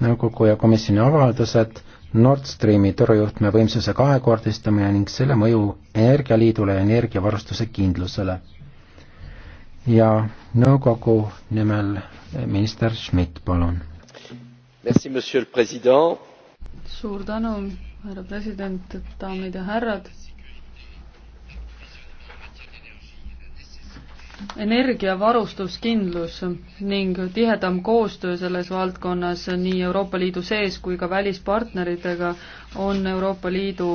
nõukogu ja komisjoni avaldused Nord Streami torujuhtme võimsuse kahekordistamine ning selle mõju energialiidule ja energiavarustuse kindlusele. ja nõukogu nimel minister Schmidt, palun. suur tänu, härra president, daamid ja härrad energiavarustuskindlus ning tihedam koostöö selles valdkonnas nii Euroopa Liidu sees kui ka välispartneritega on Euroopa Liidu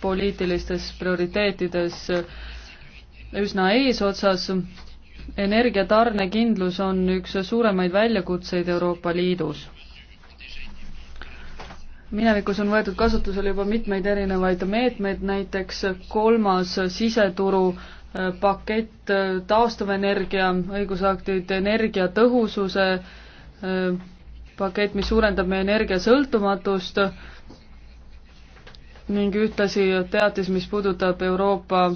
poliitilistes prioriteetides üsna eesotsas. energiatarnekindlus on üks suuremaid väljakutseid Euroopa Liidus. minevikus on võetud kasutusele juba mitmeid erinevaid meetmeid, näiteks kolmas siseturu pakett, äh, taastuvenergia õigusaktid, energiatõhususe äh, pakett, mis suurendab meie energiasõltumatust ning ühtlasi teatis, mis puudutab Euroopa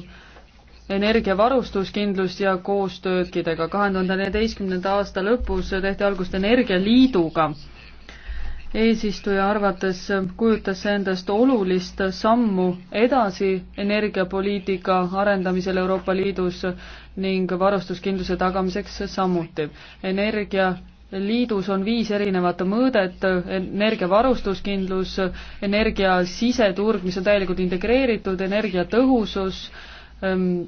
energiavarustuskindlust ja koostöökidega. kahe tuhande neljateistkümnenda aasta lõpus tehti algust Energialiiduga eesistuja arvates kujutas see endast olulist sammu edasi energiapoliitika arendamisel Euroopa Liidus ning varustuskindluse tagamiseks samuti. energia liidus on viis erinevat mõõdet, energiavarustuskindlus, energia siseturg, mis on täielikult integreeritud, energiatõhusus, ehm,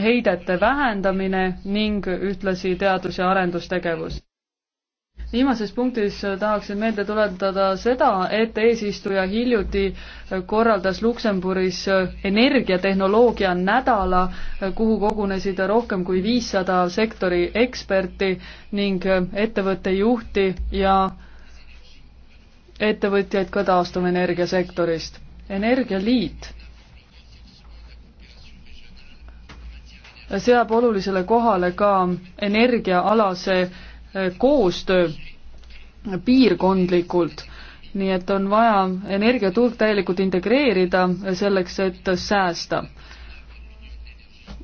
heidete vähendamine ning ühtlasi teadus- ja arendustegevus viimases punktis äh, tahaksin meelde tuletada seda, et eesistuja hiljuti äh, korraldas Luksemburis äh, energiatehnoloogia nädala, kuhu kogunesid rohkem kui viissada sektori eksperti ning ettevõtte juhti ja ettevõtjaid ka taastuvenergia sektorist. energialiit seab olulisele kohale ka energiaalase koostöö piirkondlikult. nii et on vaja energiaturg täielikult integreerida selleks, et säästa.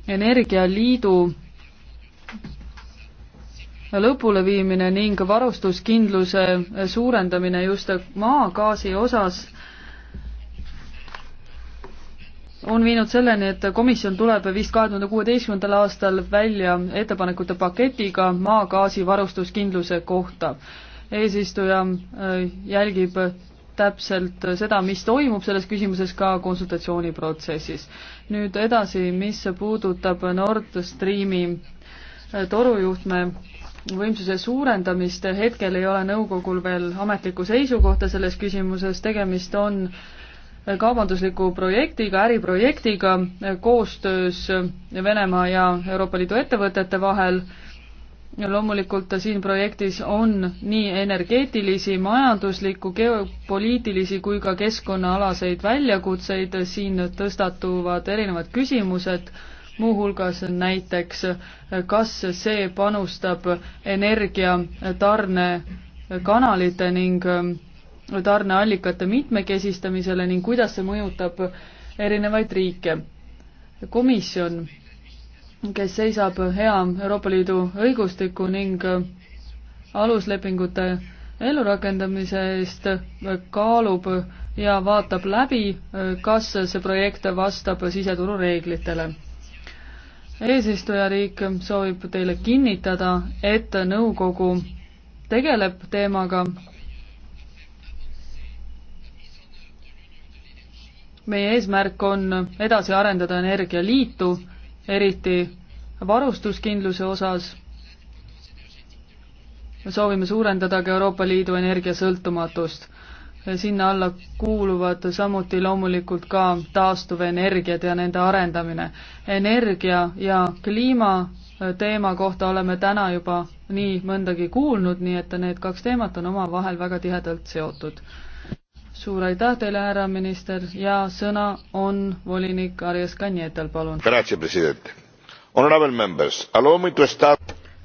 energialiidu lõpuleviimine ning varustuskindluse suurendamine just maagaasi osas on viinud selleni, et komisjon tuleb vist kahe tuhande kuueteistkümnendal aastal välja ettepanekute paketiga maagaasi varustuskindluse kohta eesistuja äh, jälgib täpselt seda, mis toimub selles küsimuses ka konsultatsiooniprotsessis. nüüd edasi, mis puudutab Nord Streami äh, torujuhtme võimsuse suurendamist, hetkel ei ole nõukogul veel ametlikku seisukohta selles küsimuses, tegemist on äh, kaubandusliku projektiga, äriprojektiga koostöös Venemaa ja Euroopa Liidu ettevõtete vahel ja loomulikult siin projektis on nii energeetilisi, majanduslikku, geopoliitilisi kui ka keskkonnaalaseid väljakutseid, siin tõstatuvad erinevad küsimused, muuhulgas näiteks, kas see panustab energiatarne kanalite ning tarneallikate mitmekesistamisele ning kuidas see mõjutab erinevaid riike. komisjon kes seisab hea Euroopa Liidu õigustiku ning aluslepingute ellurakendamise eest, kaalub ja vaatab läbi, kas see projekt vastab siseturu reeglitele. eesistujariik soovib teile kinnitada, et nõukogu tegeleb teemaga. meie eesmärk on edasi arendada energialiitu eriti varustuskindluse osas. me soovime suurendada ka Euroopa Liidu energiasõltumatust. sinna alla kuuluvad samuti loomulikult ka taastuvenergiad ja nende arendamine. energia ja kliima teema kohta oleme täna juba nii mõndagi kuulnud, nii et need kaks teemat on omavahel väga tihedalt seotud suur aitäh teile, härra minister ja sõna on volinik Arias Kanietal, palun.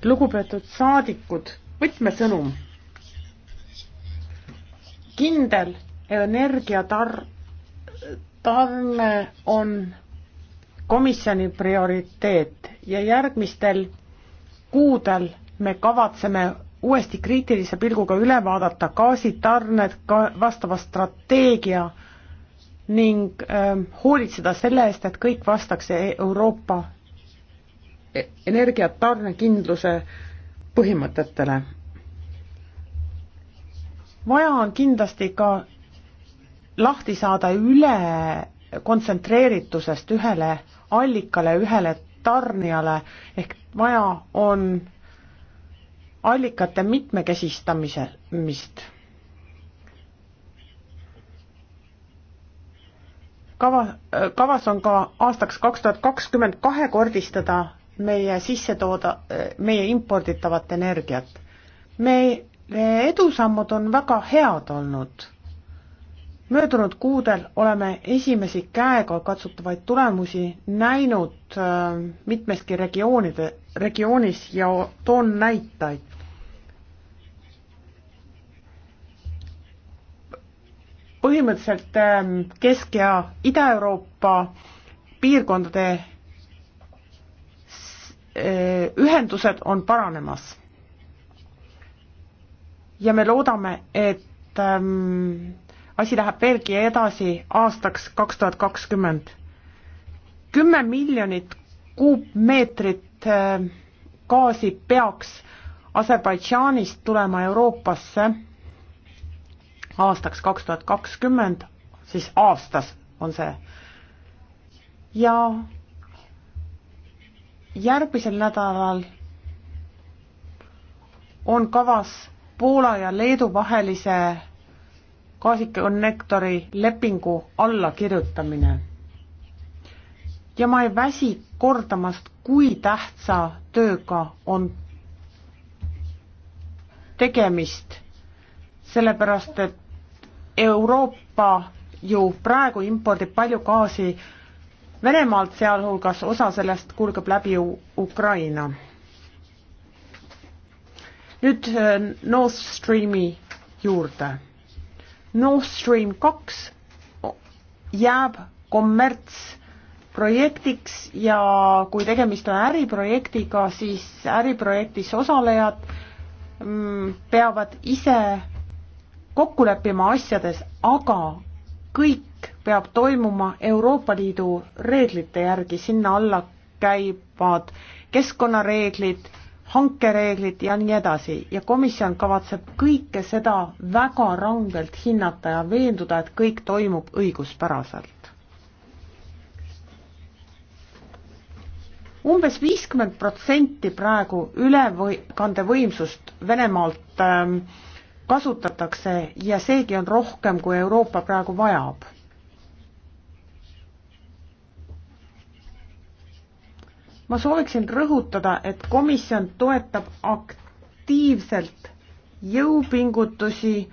lugupeetud saadikud, võtmesõnum. kindel energiatar-, tarne on komisjoni prioriteet ja järgmistel kuudel me kavatseme uuesti kriitilise pilguga üle vaadata gaasitarned ka vastava strateegia ning äh, hoolitseda selle eest, et kõik vastaks e-, Euroopa e-, energiatarnekindluse põhimõtetele. vaja on kindlasti ka lahti saada üle kontsentreeritusest ühele allikale, ühele tarnijale ehk vaja on allikate mitmekesistamist. kava, kavas on ka aastaks kaks tuhat kakskümmend kahekordistada meie sissetooda, meie imporditavat energiat. meie edusammud on väga head olnud. möödunud kuudel oleme esimesi käega katsutavaid tulemusi näinud äh, mitmeski regioonide, regioonis ja toon näitajaid. põhimõtteliselt ähm, Kesk- ja Ida-Euroopa piirkondade äh, ühendused on paranemas. ja me loodame, et ähm, asi läheb veelgi edasi aastaks kaks tuhat kakskümmend. kümme miljonit kuupmeetrit äh, gaasi peaks Aserbaidžaanist tulema Euroopasse aastaks kaks tuhat kakskümmend, siis aastas on see. ja järgmisel nädalal on kavas Poola ja Leedu vahelise gaasikonnektori lepingu allakirjutamine. ja ma ei väsi kordamast, kui tähtsa tööga on tegemist, sellepärast et Euroopa ju praegu impordib palju gaasi Venemaalt, sealhulgas osa sellest kulgeb läbi Ukraina. nüüd äh, Nord Streami juurde. Nord Stream kaks jääb kommertsprojektiks ja kui tegemist on äriprojektiga, siis äriprojektis osalejad mm, peavad ise kokku leppima asjades, aga kõik peab toimuma Euroopa Liidu reeglite järgi, sinna alla käivad keskkonnareeglid, hankereeglid ja nii edasi ja komisjon kavatseb kõike seda väga rangelt hinnata ja veenduda, et kõik toimub õiguspäraselt. umbes viiskümmend protsenti praegu ülekandevõimsust Venemaalt ähm, kasutatakse ja seegi on rohkem, kui Euroopa praegu vajab. ma sooviksin rõhutada, et komisjon toetab aktiivselt jõupingutusi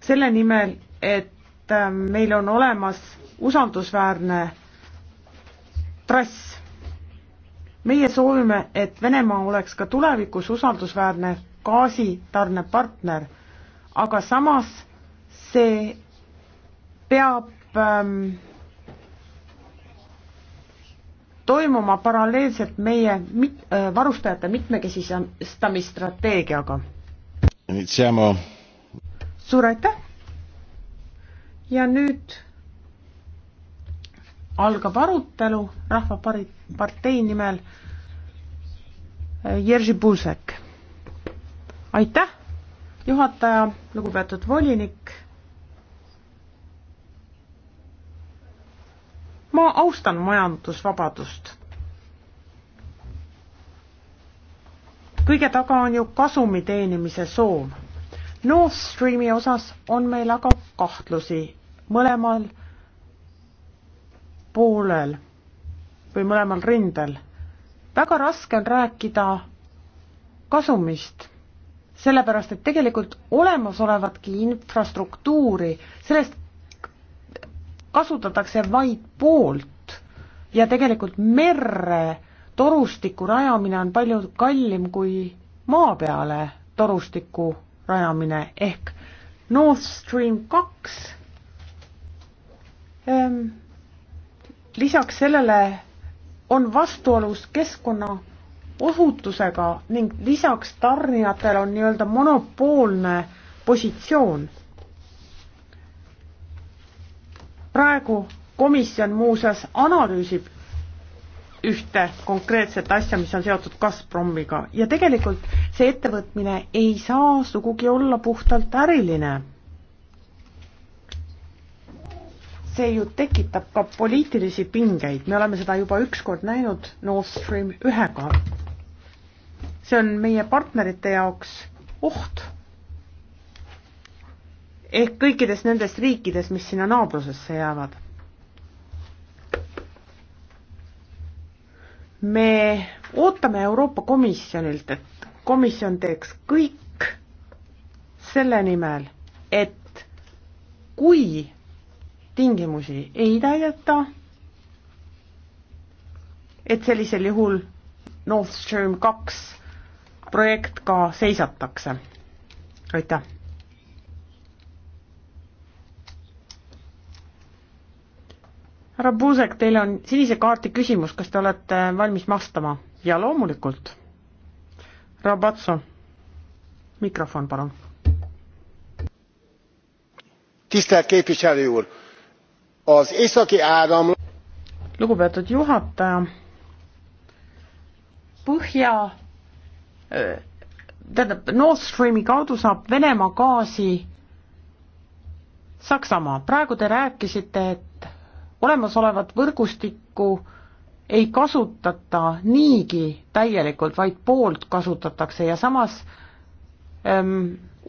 selle nimel, et ähm, meil on olemas usaldusväärne trass. meie soovime, et Venemaa oleks ka tulevikus usaldusväärne gaasitarnepartner aga samas see peab ähm, toimuma paralleelselt meie mit, äh, varustajate mitmekesistamisstrateegiaga. Iniziamo. suur aitäh. ja nüüd algab arutelu Rahvapartei nimel äh, Jerzy Buzek. aitäh juhataja, lugupeetud volinik. ma austan majandusvabadust. kõige taga on ju kasumi teenimise soov. Nord Streami osas on meil aga kahtlusi mõlemal poolel või mõlemal rindel. väga raske on rääkida kasumist sellepärast et tegelikult olemasolevatki infrastruktuuri, sellest kasutatakse vaid poolt ja tegelikult merre torustiku rajamine on palju kallim kui maa peale torustiku rajamine ehk Nord Stream kaks ehm, lisaks sellele on vastuolus keskkonna ohutusega ning lisaks tarnijatel on nii-öelda monopoolne positsioon. praegu komisjon muuseas analüüsib ühte konkreetset asja, mis on seotud Gazpromiga ja tegelikult see ettevõtmine ei saa sugugi olla puhtalt äriline. see ju tekitab ka poliitilisi pingeid, me oleme seda juba ükskord näinud Nord Stream ühega see on meie partnerite jaoks oht. ehk kõikides nendes riikides, mis sinna naabrusesse jäävad. me ootame Euroopa Komisjonilt, et komisjon teeks kõik selle nimel, et kui tingimusi ei täideta, et sellisel juhul Nord Stream kaks projekt ka seisatakse. aitäh! härra Puusek, teil on sinise kaardi küsimus, kas te olete valmis vastama? ja loomulikult. Rabatso, mikrofon palun. tisztelt képviselő úr, az északi áram... lugupeetud juhataja, Põhja Äh, tähendab, Nord Streami kaudu saab Venemaa gaasi Saksamaa, praegu te rääkisite, et olemasolevat võrgustikku ei kasutata niigi täielikult, vaid poolt kasutatakse ja samas ähm,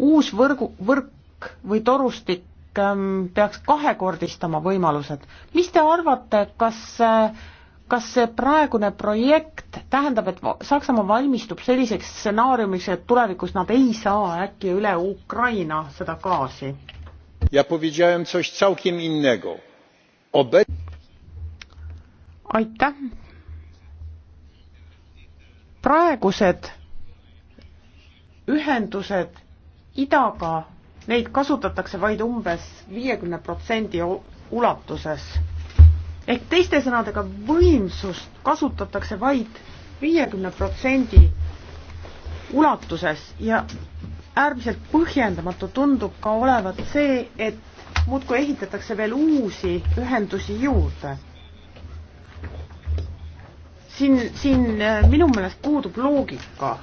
uus võrgu, võrk või torustik ähm, peaks kahekordistama võimalused. mis te arvate, kas äh, kas see praegune projekt tähendab, et Saksamaa valmistub selliseks stsenaariumiks, et tulevikus nad ei saa äkki üle Ukraina seda gaasi? aitäh. praegused ühendused idaga, neid kasutatakse vaid umbes viiekümne protsendi ulatuses ehk teiste sõnadega, võimsust kasutatakse vaid viiekümne protsendi ulatuses ja äärmiselt põhjendamatu tundub ka olevat see, et muudkui ehitatakse veel uusi ühendusi juurde. siin, siin äh, minu meelest puudub loogika.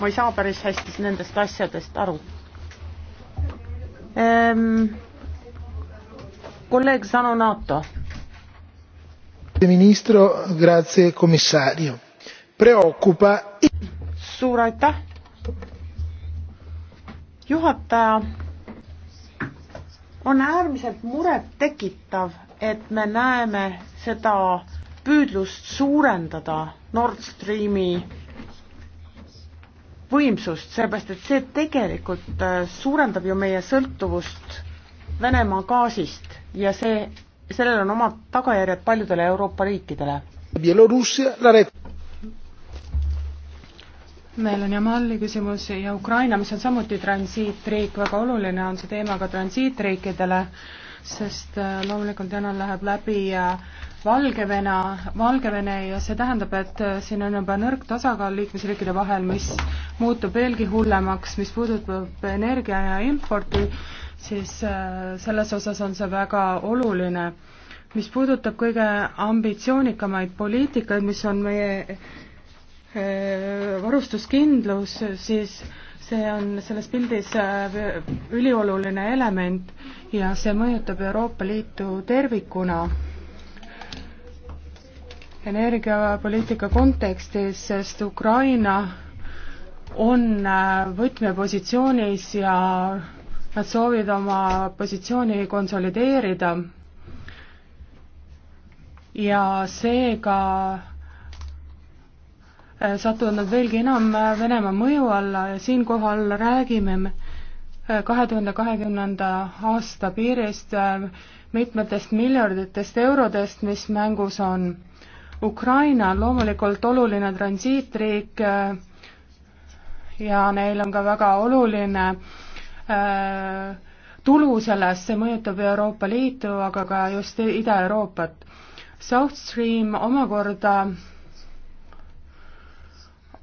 ma ei saa päris hästi nendest asjadest aru ehm,. kolleeg Sanonato ministro, grazie, komissario. Preoccupa. suur aitäh. juhataja, on äärmiselt murettekitav, et me näeme seda püüdlust suurendada Nord Streami võimsust, sellepärast et see tegelikult äh, suurendab ju meie sõltuvust Venemaa gaasist ja see sellel on omad tagajärjed paljudele Euroopa riikidele. meil on Jamali küsimus ja Ukraina, mis on samuti transiitriik, väga oluline on see teema ka transiitriikidele, sest äh, loomulikult Janar läheb läbi äh, Valgevena, Valgevene ja see tähendab, et äh, siin on juba nõrk tasakaal liikmesriikide vahel, mis muutub veelgi hullemaks, mis puudutab energia ja importi, siis äh, selles osas on see väga oluline. mis puudutab kõige ambitsioonikamaid poliitikaid, mis on meie äh, varustuskindlus, siis see on selles pildis äh, ülioluline element ja see mõjutab Euroopa Liitu tervikuna. energiapoliitika kontekstis, sest Ukraina on võtmepositsioonis ja Nad soovivad oma positsiooni konsolideerida ja seega äh, satuvad nad veelgi enam äh, Venemaa mõju alla ja siinkohal räägime me äh, kahe tuhande kahekümnenda aasta piirist mitmetest miljarditest eurodest, mis mängus on. Ukraina on loomulikult oluline transiitriik ja neil on ka väga oluline Äh, tulu sellest, see mõjutab Euroopa Liitu, aga ka just Ida-Euroopat. South Stream omakorda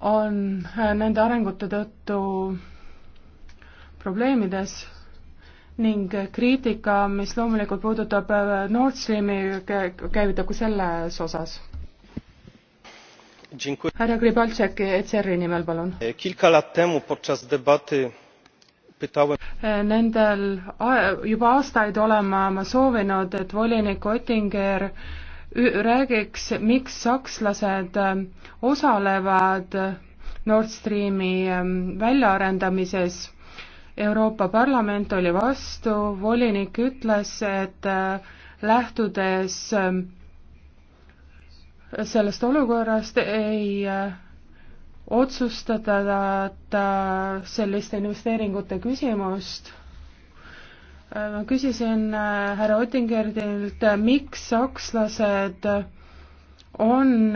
on äh, nende arengute tõttu probleemides ning kriitika, mis loomulikult puudutab äh, Nord Streami, käivitab ka selles osas. härra Gribaltšek ECR-i nimel, palun. Nendel juba aastaid olema ma soovinud, et volinik Ottinger räägiks, miks sakslased ähm, osalevad Nord Streami ähm, väljaarendamises Euroopa Parlament oli vastu, volinik ütles, et äh, lähtudes ähm, sellest olukorrast ei äh, otsustada äh, selliste investeeringute küsimust. Äh, ma küsisin äh, härra Ottingerdilt, miks sakslased on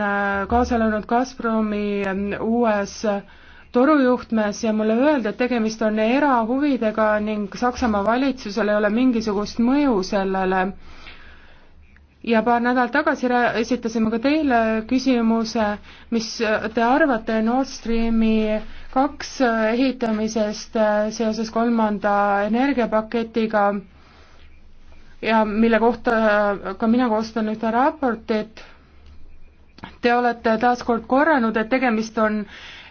kaasa löönud Gazpromi uues torujuhtmes ja mulle öeldi, et tegemist on erahuvidega ning Saksamaa valitsusel ei ole mingisugust mõju sellele ja paar nädalat tagasi esitasime ka teile küsimuse, mis äh, te arvate Nord Streami kaks äh, ehitamisest äh, seoses kolmanda energiapaketiga ja mille kohta ka mina koostan ühte raportit. Te olete taas kord korranud, et tegemist on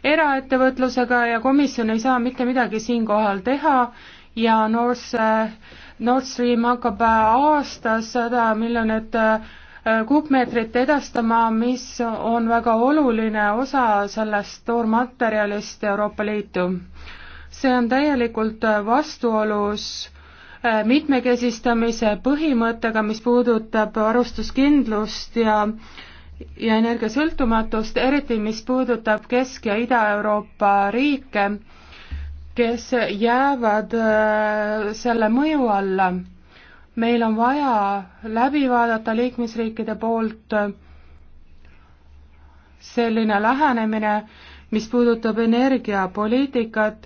eraettevõtlusega ja komisjon ei saa mitte midagi siinkohal teha ja Norse Nord Stream hakkab äh, aastas sada miljonit äh, kuupmeetrit edastama, mis on väga oluline osa sellest toormaterjalist Euroopa Liitu. see on täielikult äh, vastuolus mitmekesistamise põhimõttega, mis puudutab varustuskindlust ja ja energiasõltumatust, eriti mis puudutab Kesk- ja Ida-Euroopa riike kes jäävad äh, selle mõju alla. meil on vaja läbi vaadata liikmesriikide poolt äh, selline lähenemine, mis puudutab energiapoliitikat,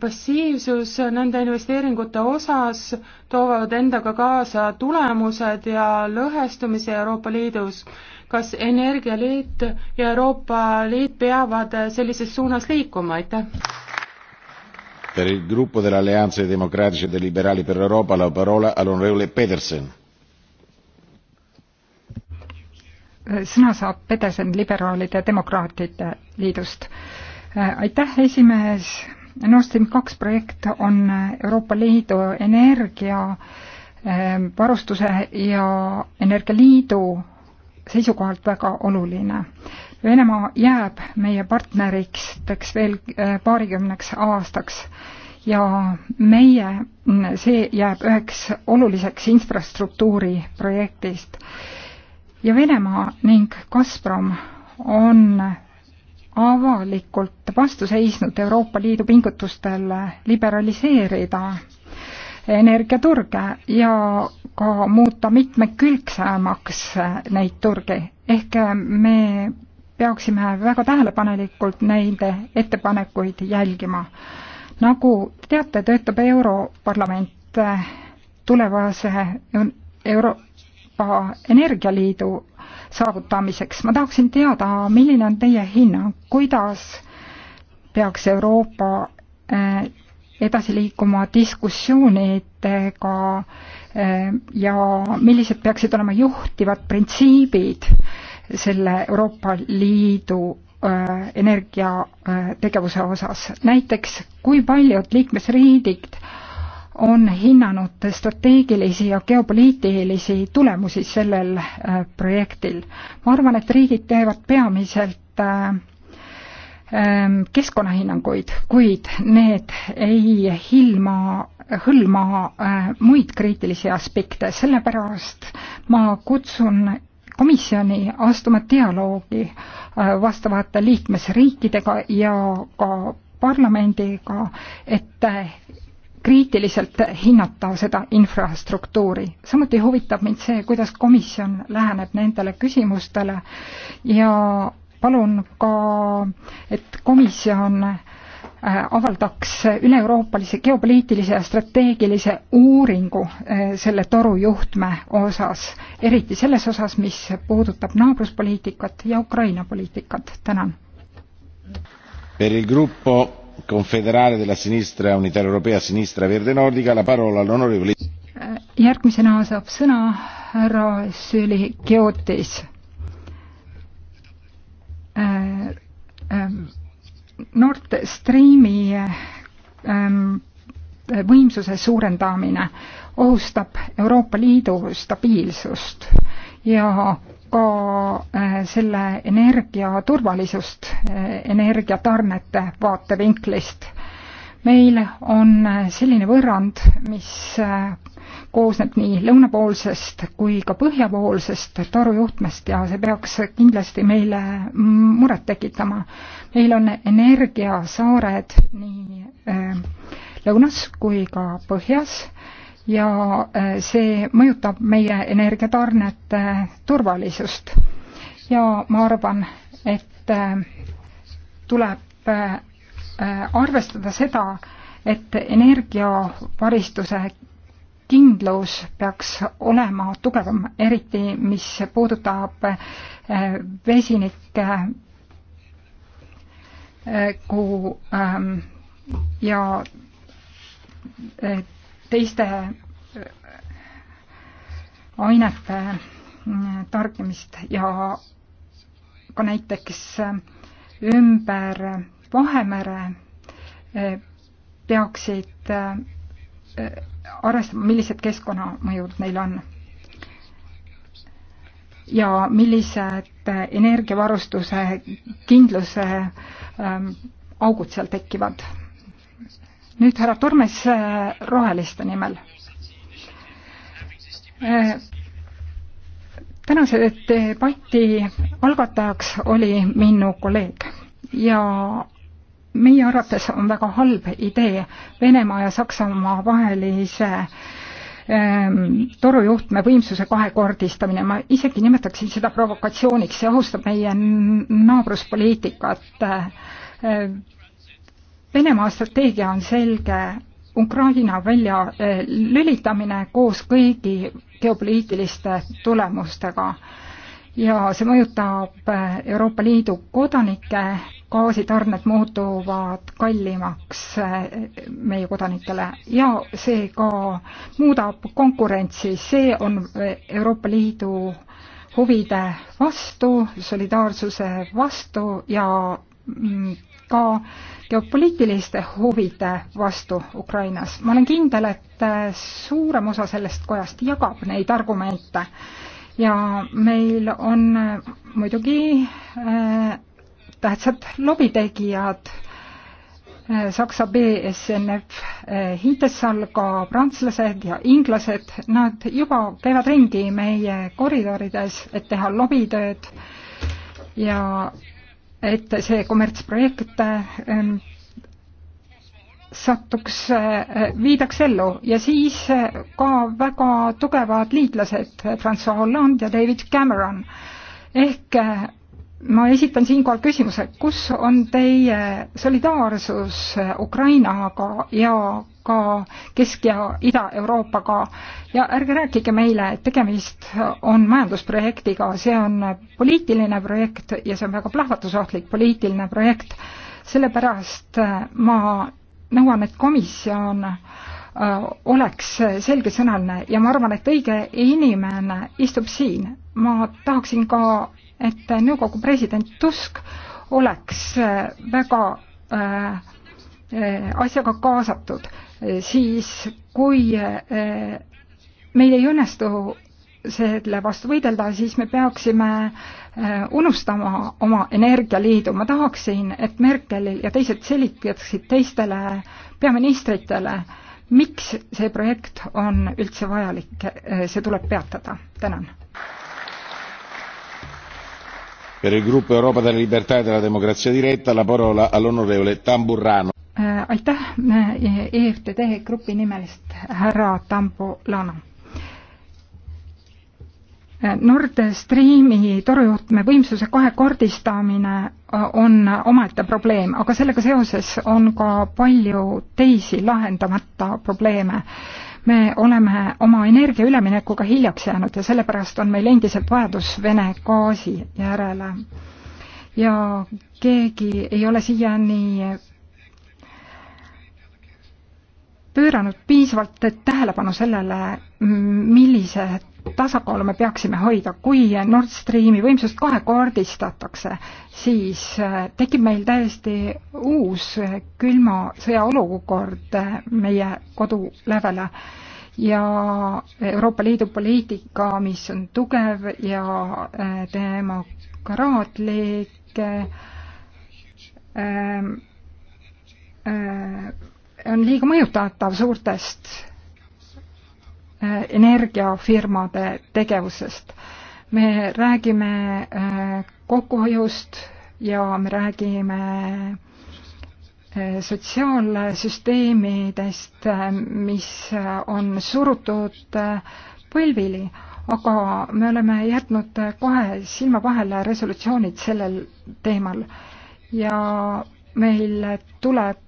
passiivsus nende investeeringute osas toovad endaga kaasa tulemused ja lõhestumise Euroopa Liidus. kas Energialiit ja Euroopa Liit peavad sellises suunas liikuma, aitäh? per il gruppo dell'alleanza dei democratici e dei liberali per l'europa la parola all'onorevole petersen. Eh, sõna saab Peterson liberaalide demokraatide liidust. Eh, aitäh, esimees. Nord Stream kaks projekt on Euroopa Liidu energia eh, varustuse ja energialiidu seisukohalt väga oluline. Venemaa jääb meie partneriteks veel äh, paarikümneks aastaks ja meie, see jääb üheks oluliseks infrastruktuuri projektist. ja Venemaa ning Gazprom on avalikult vastu seisnud Euroopa Liidu pingutustele liberaliseerida energiaturge ja ka muuta mitmekülgsemaks neid turge. ehk me peaksime väga tähelepanelikult neid ettepanekuid jälgima. nagu teate, töötab Europarlament äh, tulevase äh, Euroopa Energialiidu saavutamiseks. ma tahaksin teada, milline on teie hinnang, kuidas peaks Euroopa äh, edasi liikuma diskussioonidega ja millised peaksid olema juhtivad printsiibid selle Euroopa Liidu äh, energiategevuse osas. näiteks kui paljud liikmesriigid on hinnanud strateegilisi ja geopoliitilisi tulemusi sellel äh, projektil. ma arvan, et riigid teevad peamiselt äh, ähm, keskkonnahinnanguid, kuid need ei hilma, hõlma muid kriitilisi aspekte, sellepärast ma kutsun komisjoni astuma dialoogi äh, vastavate liikmesriikidega ja ka parlamendiga, et äh, kriitiliselt hinnata seda infrastruktuuri. samuti huvitab mind see, kuidas komisjon läheneb nendele küsimustele ja palun ka, et komisjon äh, Äh, avaldaks üle-euroopalise geopoliitilise ja strateegilise uuringu äh, selle torujuhtme osas, eriti selles osas, mis puudutab naabruspoliitikat ja Ukraina poliitikat, tänan. Per il gruppo confederale della sinistra e unitaria europea sinistra verde nordica la parola all'onorevole äh, järgmisena saab sõna härra Süli Kiotis Nord Streami ähm, võimsuse suurendamine ohustab Euroopa Liidu stabiilsust ja ka äh, selle energia turvalisust äh, energiatarnete vaatevinklist meil on äh, selline võrrand, mis äh, koosneb nii lõunapoolsest kui ka põhjapoolsest torujuhtmest ja see peaks kindlasti meile mm, muret tekitama. meil on energiasaared nii äh, lõunas kui ka põhjas ja see mõjutab meie energiatarnete turvalisust. ja ma arvan, et tuleb Äh, arvestada seda, et energiavaristuse kindlus peaks olema tugevam, eriti mis puudutab äh, vesinikke äh, kui ähm, ja teiste ainete tarbimist ja ka näiteks ümber Vahemere eh, peaksid eh, arvestama, millised keskkonnamõjud neil on ja millised eh, energiavarustuse kindluse ähm, augud seal tekivad. nüüd härra Turmes Roheliste nimel äh,. tänase debati algatajaks oli minu kolleeg ja meie arvates on väga halb idee Venemaa ja Saksamaa vahelise ähm, torujuhtme võimsuse kahekordistamine, ma isegi nimetaksin seda provokatsiooniks, see ohustab meie naabruspoliitikat. Äh, Venemaa strateegia on selge, Ukraina välja äh, lülitamine koos kõigi geopoliitiliste tulemustega ja see mõjutab Euroopa Liidu kodanikke, gaasitarned muutuvad kallimaks eh, meie kodanikele ja see ka muudab konkurentsi, see on Euroopa Liidu huvide vastu, solidaarsuse vastu ja mm, ka geopoliitiliste huvide vastu Ukrainas. ma olen kindel, et suurem osa sellest kojast jagab neid argumente ja meil on äh, muidugi äh, tähtsad lobitegijad, äh, Saksa BSNF, Hintessal ka prantslased ja inglased, nad juba käivad ringi meie koridorides, et teha lobitööd ja et see kommertsprojekt satuks, eh, viidaks ellu ja siis eh, ka väga tugevad liitlased, eh, Francois Hollande ja David Cameron. ehk ma esitan siinkohal küsimuse, kus on teie solidaarsus Ukrainaga ja ka Kesk- ja Ida-Euroopaga ja ärge rääkige meile, et tegemist on majandusprojektiga, see on poliitiline projekt ja see on väga plahvatusohtlik poliitiline projekt, sellepärast ma nõuame, et komisjon äh, oleks selgesõnaline ja ma arvan, et õige inimene istub siin. ma tahaksin ka, et nõukogu president Tusk oleks äh, väga äh, asjaga kaasatud, siis kui meil ei õnnestu selle vastu võidelda, siis me peaksime äh, Äh, unustama oma energialiidu, ma tahaksin, et Merkelil ja teised selgitaksid teistele peaministritele, miks see projekt on üldse vajalik, äh, see tuleb peatada, tänan. Per il gruppo Europa della Libertà e della Democrazia Diretta la parola all'onorevole Tamburrano. Äh, aitäh EFTD grupi nimelist härra Tamburrano Nord Streami torujuhtme võimsuse kahekordistamine äh, on äh, omaette probleem, aga sellega seoses on ka palju teisi lahendamata probleeme. me oleme oma energia üleminekuga hiljaks jäänud ja sellepärast on meil endiselt vajadus Vene gaasi järele. ja keegi ei ole siiani pööranud piisavalt tähelepanu sellele, millise tasakaalu me peaksime hoida, kui Nord Streami võimsust kahekordistatakse, siis äh, tekib meil täiesti uus külma sõja olukord äh, meie kodulävele ja Euroopa Liidu poliitika, mis on tugev ja äh, demokraatlik äh,, äh, on liiga mõjutatav suurtest äh, energiafirmade tegevusest. me räägime äh, kokkuhoiust ja me räägime äh, sotsiaalsüsteemidest, mis on surutud põlvili, aga me oleme jätnud kahe silma vahele resolutsioonid sellel teemal ja meil tuleb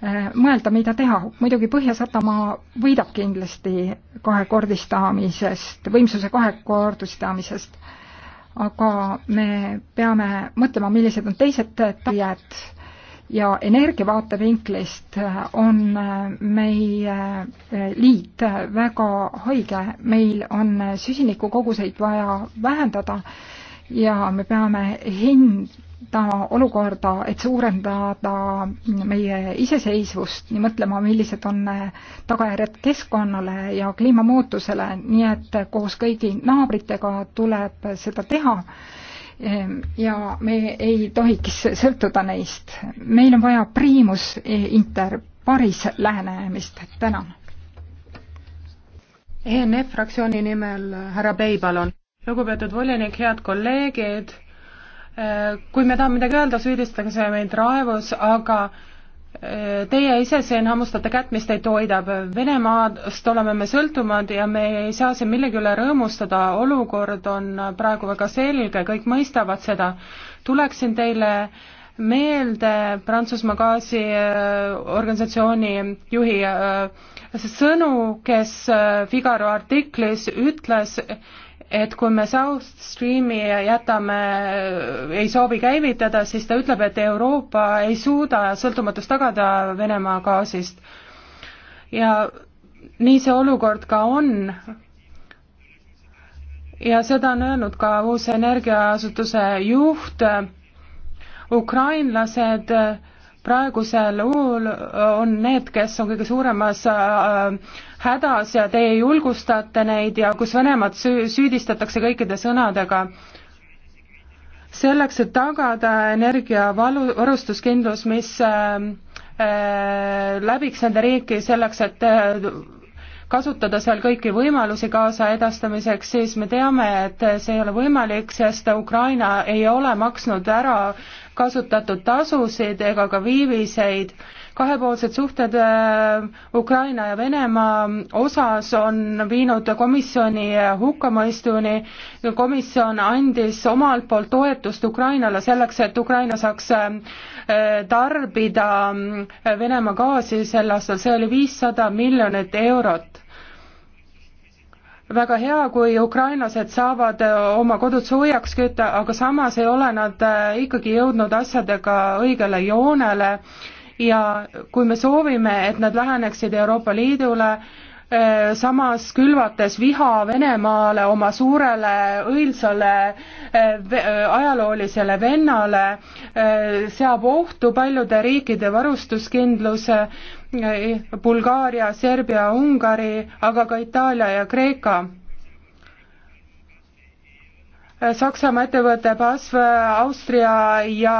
Äh, mõelda, mida teha. muidugi Põhjasadamaa võidab kindlasti kahekordistamisest, võimsuse kahekordistamisest, aga me peame mõtlema, millised on teised taljed ja energia vaatevinklist on äh, meie äh, liit väga haige, meil on süsinikukoguseid vaja vähendada ja me peame hind seda olukorda, et suurendada meie iseseisvust, nii mõtlema, millised on tagajärjed keskkonnale ja kliimamuutusele, nii et koos kõigi naabritega tuleb seda teha. ja me ei tohiks sõltuda neist. meil on vaja priimus inter paris lähenemist, tänan. ENF fraktsiooni nimel härra Peipalon. lugupeetud volinik, head kolleegid kui me tahame midagi öelda, süüdistatakse meid raevus, aga eh, Teie ise siin hammustate kätt, mis teid toidab. Venemaast oleme me sõltumad ja me ei saa siin millegi üle rõõmustada, olukord on praegu väga selge, kõik mõistavad seda. tuleksin teile meelde Prantsusmaa gaasiorganisatsiooni juhi eh, sõnu, kes eh, Figaro artiklis ütles, et kui me South Streami jätame, ei soovi käivitada, siis ta ütleb, et Euroopa ei suuda sõltumatust tagada Venemaa gaasist. ja nii see olukord ka on. ja seda on öelnud ka uus energiaasutuse juht, ukrainlased äh, praegusel juhul äh, on need, kes on kõige suuremas äh, hädas ja teie julgustate neid ja kus Venemaad süü-, süüdistatakse kõikide sõnadega. selleks, et tagada energiavalu, varustuskindlus, mis äh, läbiks nende riiki, selleks et kasutada seal kõiki võimalusi kaasa edastamiseks, siis me teame, et see ei ole võimalik, sest Ukraina ei ole maksnud ära kasutatud tasusid ega ka viiviseid. kahepoolsed suhted äh, Ukraina ja Venemaa osas on viinud komisjoni hukkamõistuni. komisjon andis omalt poolt toetust Ukrainale selleks, et Ukraina saaks äh, tarbida äh, Venemaa gaasi sel aastal, see oli viissada miljonit eurot väga hea, kui ukrainlased saavad äh, oma kodud soojaks kütta, aga samas ei ole nad äh, ikkagi jõudnud asjadega õigele joonele ja kui me soovime, et nad läheneksid Euroopa Liidule, äh, samas külvates viha Venemaale, oma suurele õilsale ajaloolisele vennale, seab ohtu paljude riikide varustuskindluse Bulgaaria, Serbia, Ungari, aga ka Itaalia ja Kreeka. Saksamaa ettevõte BASF, Austria ja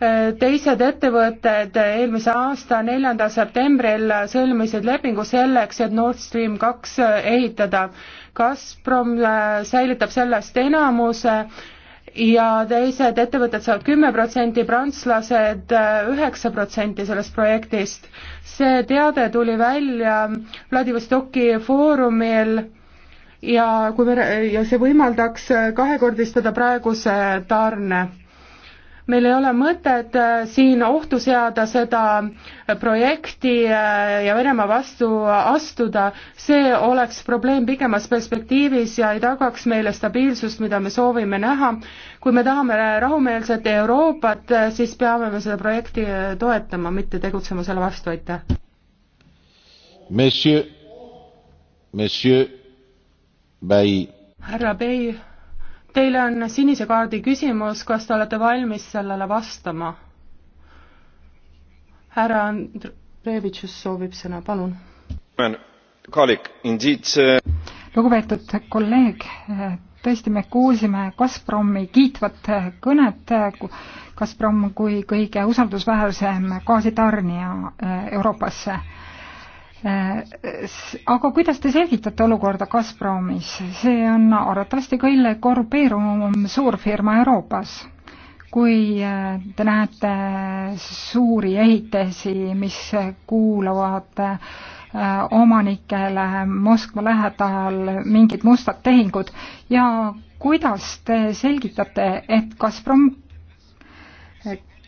e, teised ettevõtted eelmise aasta neljandal septembril sõlmisid lepingu selleks, et Nord Stream kaks ehitada. Gazprom e, säilitab sellest enamuse ja teised ettevõtted saavad kümme protsenti, prantslased äh, üheksa protsenti sellest projektist. see teade tuli välja Vladivostoki foorumil ja kui me, ja see võimaldaks kahekordistada praeguse tarne meil ei ole mõtet äh, siin ohtu seada seda projekti äh, ja Venemaa vastu astuda, see oleks probleem pikemas perspektiivis ja ei tagaks meile stabiilsust, mida me soovime näha. kui me tahame rahumeelset Euroopat, äh, siis peame me seda projekti toetama, mitte tegutsema selle vastu, aitäh. Monsieur, Monsieur Bay. härra Bay Teile on sinise kaardi küsimus, kas te olete valmis sellele vastama? härra Andreevitšus soovib sõna, palun. lugupeetud kolleeg, tõesti, me kuulsime Gazpromi kiitvat kõnet, Gazprom kui kõige usaldusväärsem gaasitarnija Euroopasse Äh, aga kuidas te selgitate olukorda Gazpromis? see on arvatavasti kõige korrupeeruvam suurfirma Euroopas. kui äh, te näete suuri ehitisi, mis kuuluvad äh, omanikele Moskva lähedal mingid mustad tehingud ja kuidas te selgitate, et Gazprom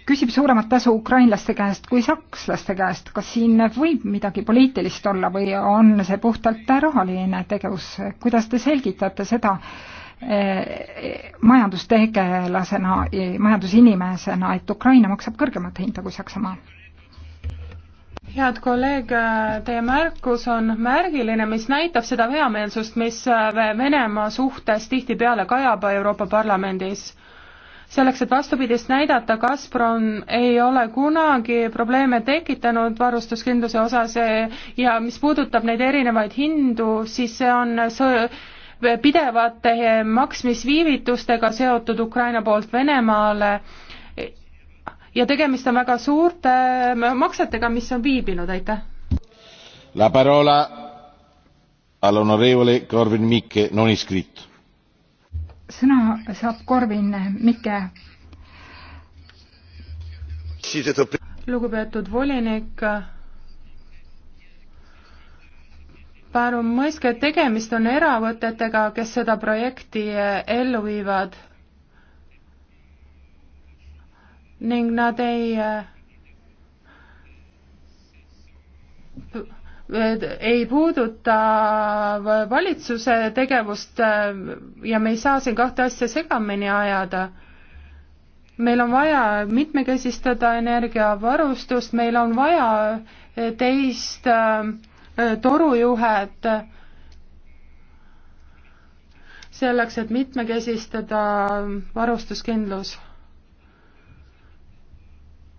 küsib suuremat tasu ukrainlaste käest kui sakslaste käest, kas siin võib midagi poliitilist olla või on see puhtalt rahaline tegevus, kuidas te selgitate seda eh, majandustegelasena, majandusinimesena, et Ukraina maksab kõrgemat hinda kui Saksamaa? head kolleeg, teie märkus on märgiline, mis näitab seda veameelsust, mis Venemaa suhtes tihtipeale kajab Euroopa Parlamendis selleks, et vastupidist näidata, Gazprom ei ole kunagi probleeme tekitanud varustuskindluse osas eh, ja mis puudutab neid erinevaid hindu, siis see on pidevate eh, maksmisviivitustega seotud Ukraina poolt Venemaale ja tegemist on väga suurte eh, maksetega, mis on viibinud, aitäh. La parola all'onorevole Corvin Mikke non iscritto sõna saab Korvin Mikke. lugupeetud volinik, palun mõistke, et tegemist on eravõtetega, kes seda projekti ellu viivad ning nad ei ei puuduta valitsuse tegevust äh, ja me ei saa siin kahte asja segamini ajada. meil on vaja mitmekesistada energiavarustust, meil on vaja äh, teist äh, torujuhet selleks, et mitmekesistada varustuskindlus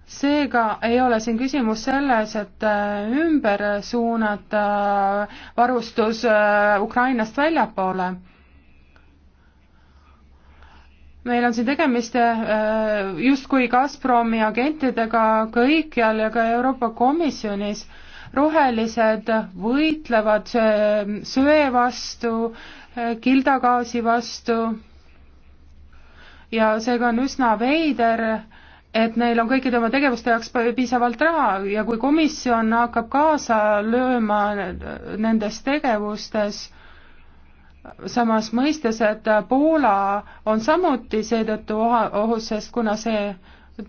seega ei ole siin küsimus selles, et äh, ümber suunata äh, varustus äh, Ukrainast väljapoole. meil on siin tegemist justkui Gazpromi agentidega kõikjal ja ka Euroopa Komisjonis. rohelised võitlevad söe vastu, kildagaasi vastu ja seega on üsna veider et neil on kõikide oma tegevuste jaoks piisavalt raha ja kui komisjon hakkab kaasa lööma nendes tegevustes, samas mõistes, et Poola on samuti seetõttu ohus, sest kuna see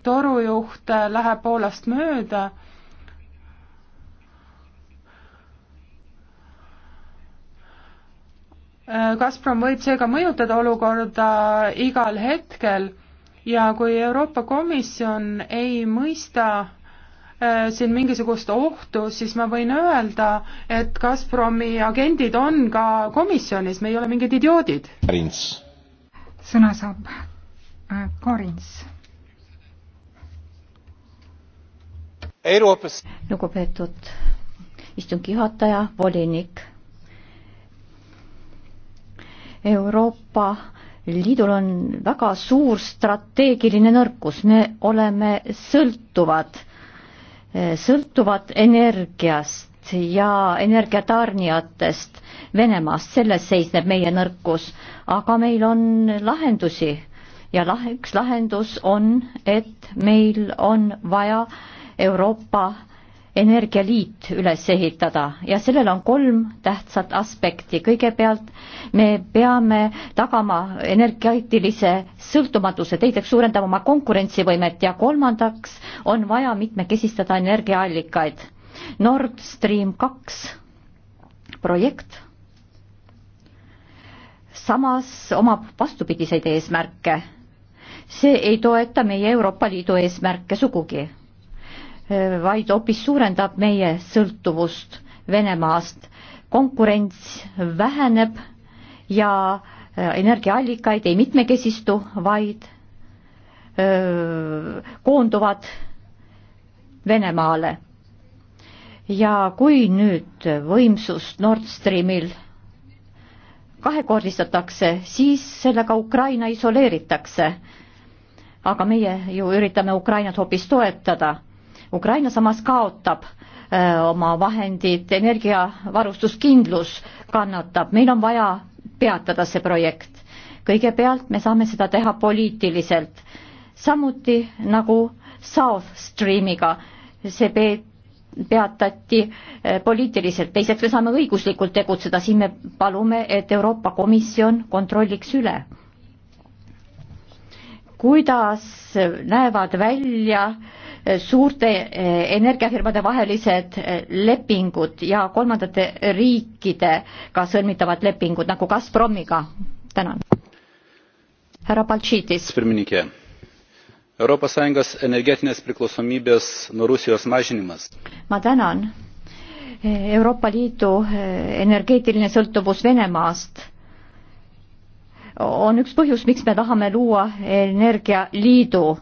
torujuht läheb Poolast mööda, Gazprom võib seega mõjutada olukorda igal hetkel ja kui Euroopa Komisjon ei mõista äh, siin mingisugust ohtu, siis ma võin öelda, et Gazpromi agendid on ka komisjonis, me ei ole mingid idioodid. sõna saab äh, Karins. lugupeetud istungi juhataja, volinik. Euroopa liidul on väga suur strateegiline nõrkus, me oleme sõltuvad, eh, sõltuvad energiast ja energiatarnijatest Venemaast, selles seisneb meie nõrkus, aga meil on lahendusi ja lah-, üks lahendus on, et meil on vaja Euroopa energialiit üles ehitada ja sellel on kolm tähtsat aspekti. kõigepealt me peame tagama energeetilise sõltumatuse, teiseks suurendama oma konkurentsivõimet ja kolmandaks on vaja mitmekesistada energiaallikaid. Nord Stream kaks projekt samas omab vastupidiseid eesmärke. see ei toeta meie Euroopa Liidu eesmärke sugugi Ehm, vaid hoopis suurendab meie sõltuvust Venemaast. konkurents väheneb ja äh, energiaallikaid ei mitmekesistu, vaid öö, koonduvad Venemaale. ja kui nüüd võimsust Nord Streamil kahekordistatakse, siis sellega Ukraina isoleeritakse. aga meie ju üritame Ukrainat hoopis toetada Ukraina samas kaotab öö, äh, oma vahendid, energiavarustuskindlus kannatab, meil on vaja peatada see projekt. kõigepealt me saame seda teha poliitiliselt, samuti nagu South Streamiga, see peeti peatati äh, poliitiliselt, teiseks me saame õiguslikult tegutseda, siin me palume, et Euroopa Komisjon kontrolliks üle. kuidas näevad välja äh, suurte eh, energiafirmade vahelised eh, lepingud ja kolmandate riikidega sõlmitavad lepingud nagu Gazpromiga. tänan. härra Baltšiitis. Euroopa Sąjungos energetinės priklausomybės nuo Rusijos mažinimas. ma tänan. Euroopa Liidu eh, energeetiline sõltuvus Venemaast on üks põhjus, miks me tahame luua energialiidu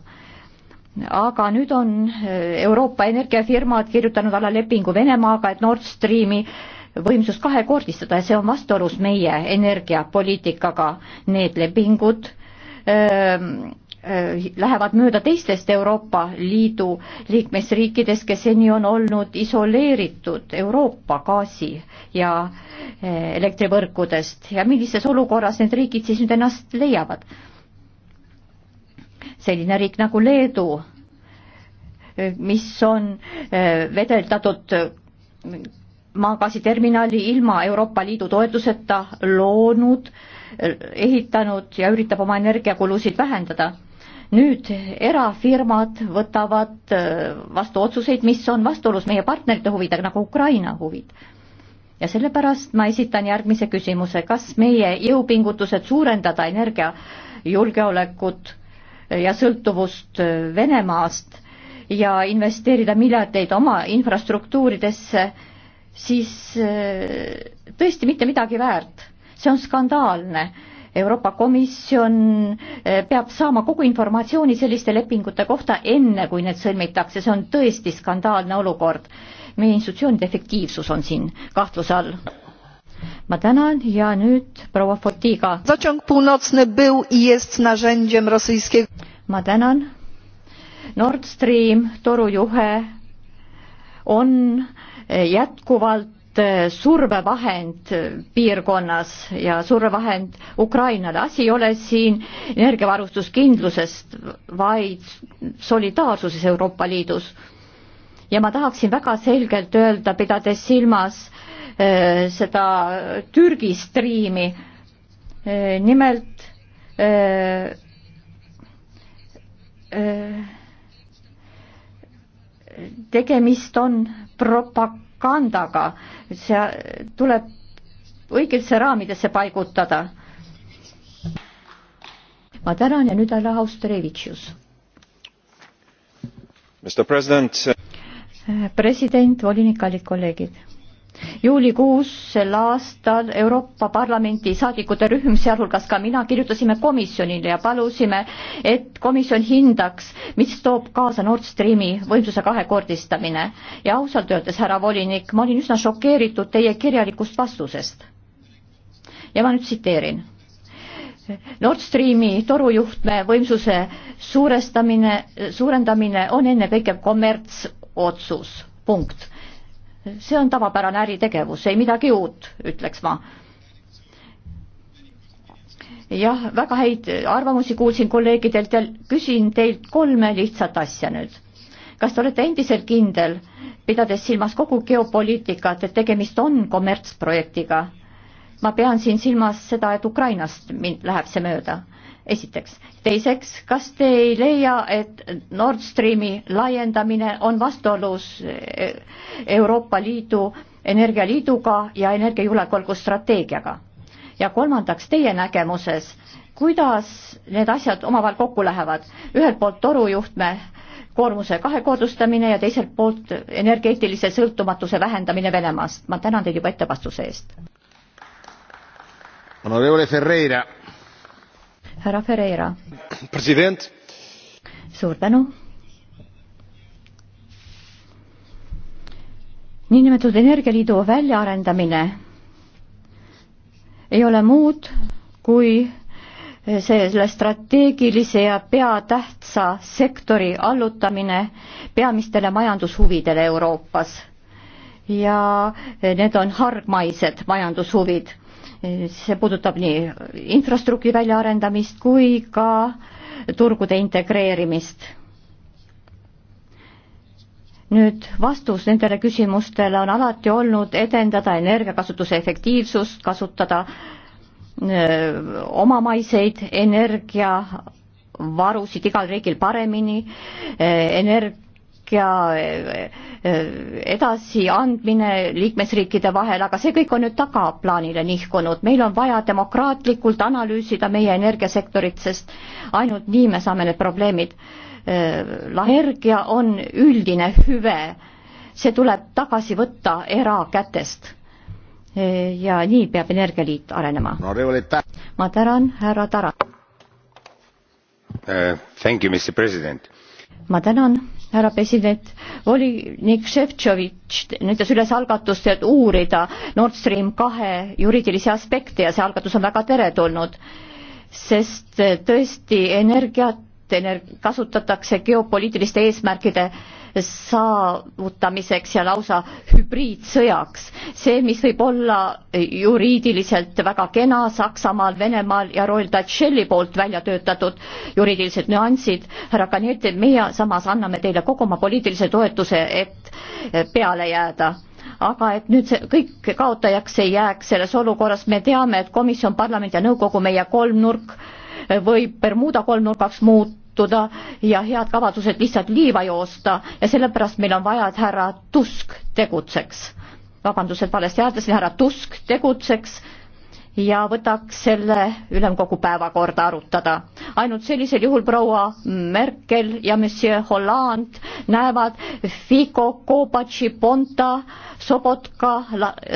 aga nüüd on äh, Euroopa energiafirmad kirjutanud alla lepingu Venemaaga, et Nord Streami võimsust kahekordistada ja see on vastuolus meie energiapoliitikaga. Need lepingud öö, ähm, öö, äh, lähevad mööda teistest Euroopa Liidu liikmesriikidest, kes seni on olnud isoleeritud Euroopa gaasi ja äh, elektrivõrkudest ja millises olukorras need riigid siis nüüd ennast leiavad selline riik nagu Leedu, mis on äh, vedeldatud äh, maagaasiterminali ilma Euroopa Liidu toetuseta loonud, äh, ehitanud ja üritab oma energiakulusid vähendada nüüd erafirmad võtavad vastu otsuseid, mis on vastuolus meie partnerite huvidega, nagu Ukraina huvid. ja sellepärast ma esitan järgmise küsimuse, kas meie jõupingutused suurendada energiajulgeolekut ja sõltuvust Venemaast ja investeerida miljardeid oma infrastruktuuridesse, siis äh, tõesti mitte midagi väärt. see on skandaalne. Euroopa Komisjon äh, peab saama kogu informatsiooni selliste lepingute kohta, enne kui need sõlmitakse, see on tõesti skandaalne olukord. meie institutsioonide efektiivsus on siin kahtluse all ma tänan ja nüüd proua Fotiga. ma tänan. Nord Stream torujuhe on jätkuvalt eh, survevahend eh, piirkonnas ja survevahend Ukrainale. asi ei ole siin energiavarustuskindlusest, vaid solidaarsuses Euroopa Liidus. ja ma tahaksin väga selgelt öelda, pidades silmas Eh, seda Türgi striimi. Eh, nimelt eh, tegemist on propagandaga, see tuleb õigesse raamidesse paigutada. ma tänan ja nüüd härra Austrevitšus. president, president, volinik, kallid kolleegid juulikuus sel aastal Euroopa Parlamendi saadikute rühm, sealhulgas ka mina, kirjutasime komisjonile ja palusime, et komisjon hindaks, mis toob kaasa Nord Streami võimsuse kahekordistamine. ja ausalt öeldes, härra volinik, ma olin üsna šokeeritud teie kirjalikust vastusest. ja ma nüüd tsiteerin. Nord Streami torujuhtme võimsuse suurestamine, suurendamine on ennekõike kommertsotsus, punkt see on tavapärane äritegevus, ei midagi uut, ütleks ma. jah, väga häid arvamusi kuulsin kolleegidelt ja küsin teilt kolme lihtsat asja nüüd. kas te olete endiselt kindel, pidades silmas kogu geopoliitikat, et tegemist on kommertsprojektiga? ma pean siin silmas seda, et Ukrainast mind läheb see mööda esiteks. teiseks, kas te ei leia, et Nord Streami laiendamine on vastuolus eh, Euroopa Liidu energialiiduga ja energiajulgeoleku strateegiaga? ja kolmandaks, teie nägemuses, kuidas need asjad omavahel kokku lähevad, ühelt poolt torujuhtme koormuse kahekordustamine ja teiselt poolt energeetilise sõltumatuse vähendamine Venemaast. ma tänan teid juba ette vastuse eest. Honorable Ferreira härra Ferreira. president. suur tänu. niinimetatud Energialiidu väljaarendamine ei ole muud kui selle strateegilise ja peatähtsa sektori allutamine peamistele majandushuvidele Euroopas. ja need on hargmaised majandushuvid see puudutab nii infrastruktuuri väljaarendamist kui ka turgude integreerimist. nüüd vastus nendele küsimustele on alati olnud edendada energiakasutuse efektiivsust, kasutada öö, äh, omamaiseid energiavarusid igal riigil paremini, äh, energ-, energia e, e, edasiandmine liikmesriikide vahel, aga see kõik on nüüd tagaplaanile nihkunud. meil on vaja demokraatlikult analüüsida meie energiasektorit, sest ainult nii me saame need probleemid energia on üldine hüve, see tuleb tagasi võtta erakätest. E, ja nii peab Energialiit arenema. ma tänan, härra Tara uh,. Eh, ma tänan härra president, volinik Šefčovitš näitas üles algatust, et uurida Nord Stream kahe juriidilisi aspekte ja see algatus on väga teretulnud, sest tõesti energiat ener-, kasutatakse geopoliitiliste eesmärkide saavutamiseks ja lausa hübriidsõjaks. see, mis võib olla juriidiliselt väga kena Saksamaal, Venemaal ja Royal Dutch Shelli poolt välja töötatud juriidilised nüansid, härra Kanjete, meie samas anname teile kogu oma poliitilise toetuse, et peale jääda aga et nüüd see kõik kaotajaks ei jääks selles olukorras, me teame, et komisjon, parlament ja nõukogu, meie kolmnurk võib Bermuda kolmnurgaks muuta, sattuda ja head kavatsused lihtsalt liiva joosta ja sellepärast meil on vaja, et härra Tusk tegutseks. vabandust, et valesti hääldasin, härra Tusk tegutseks ja võtaks selle ülemkogu päevakorda arutada. ainult sellisel juhul proua Merkel ja monsieur Hollande näevad Fico, Kobatši, Ponta, Sobotka,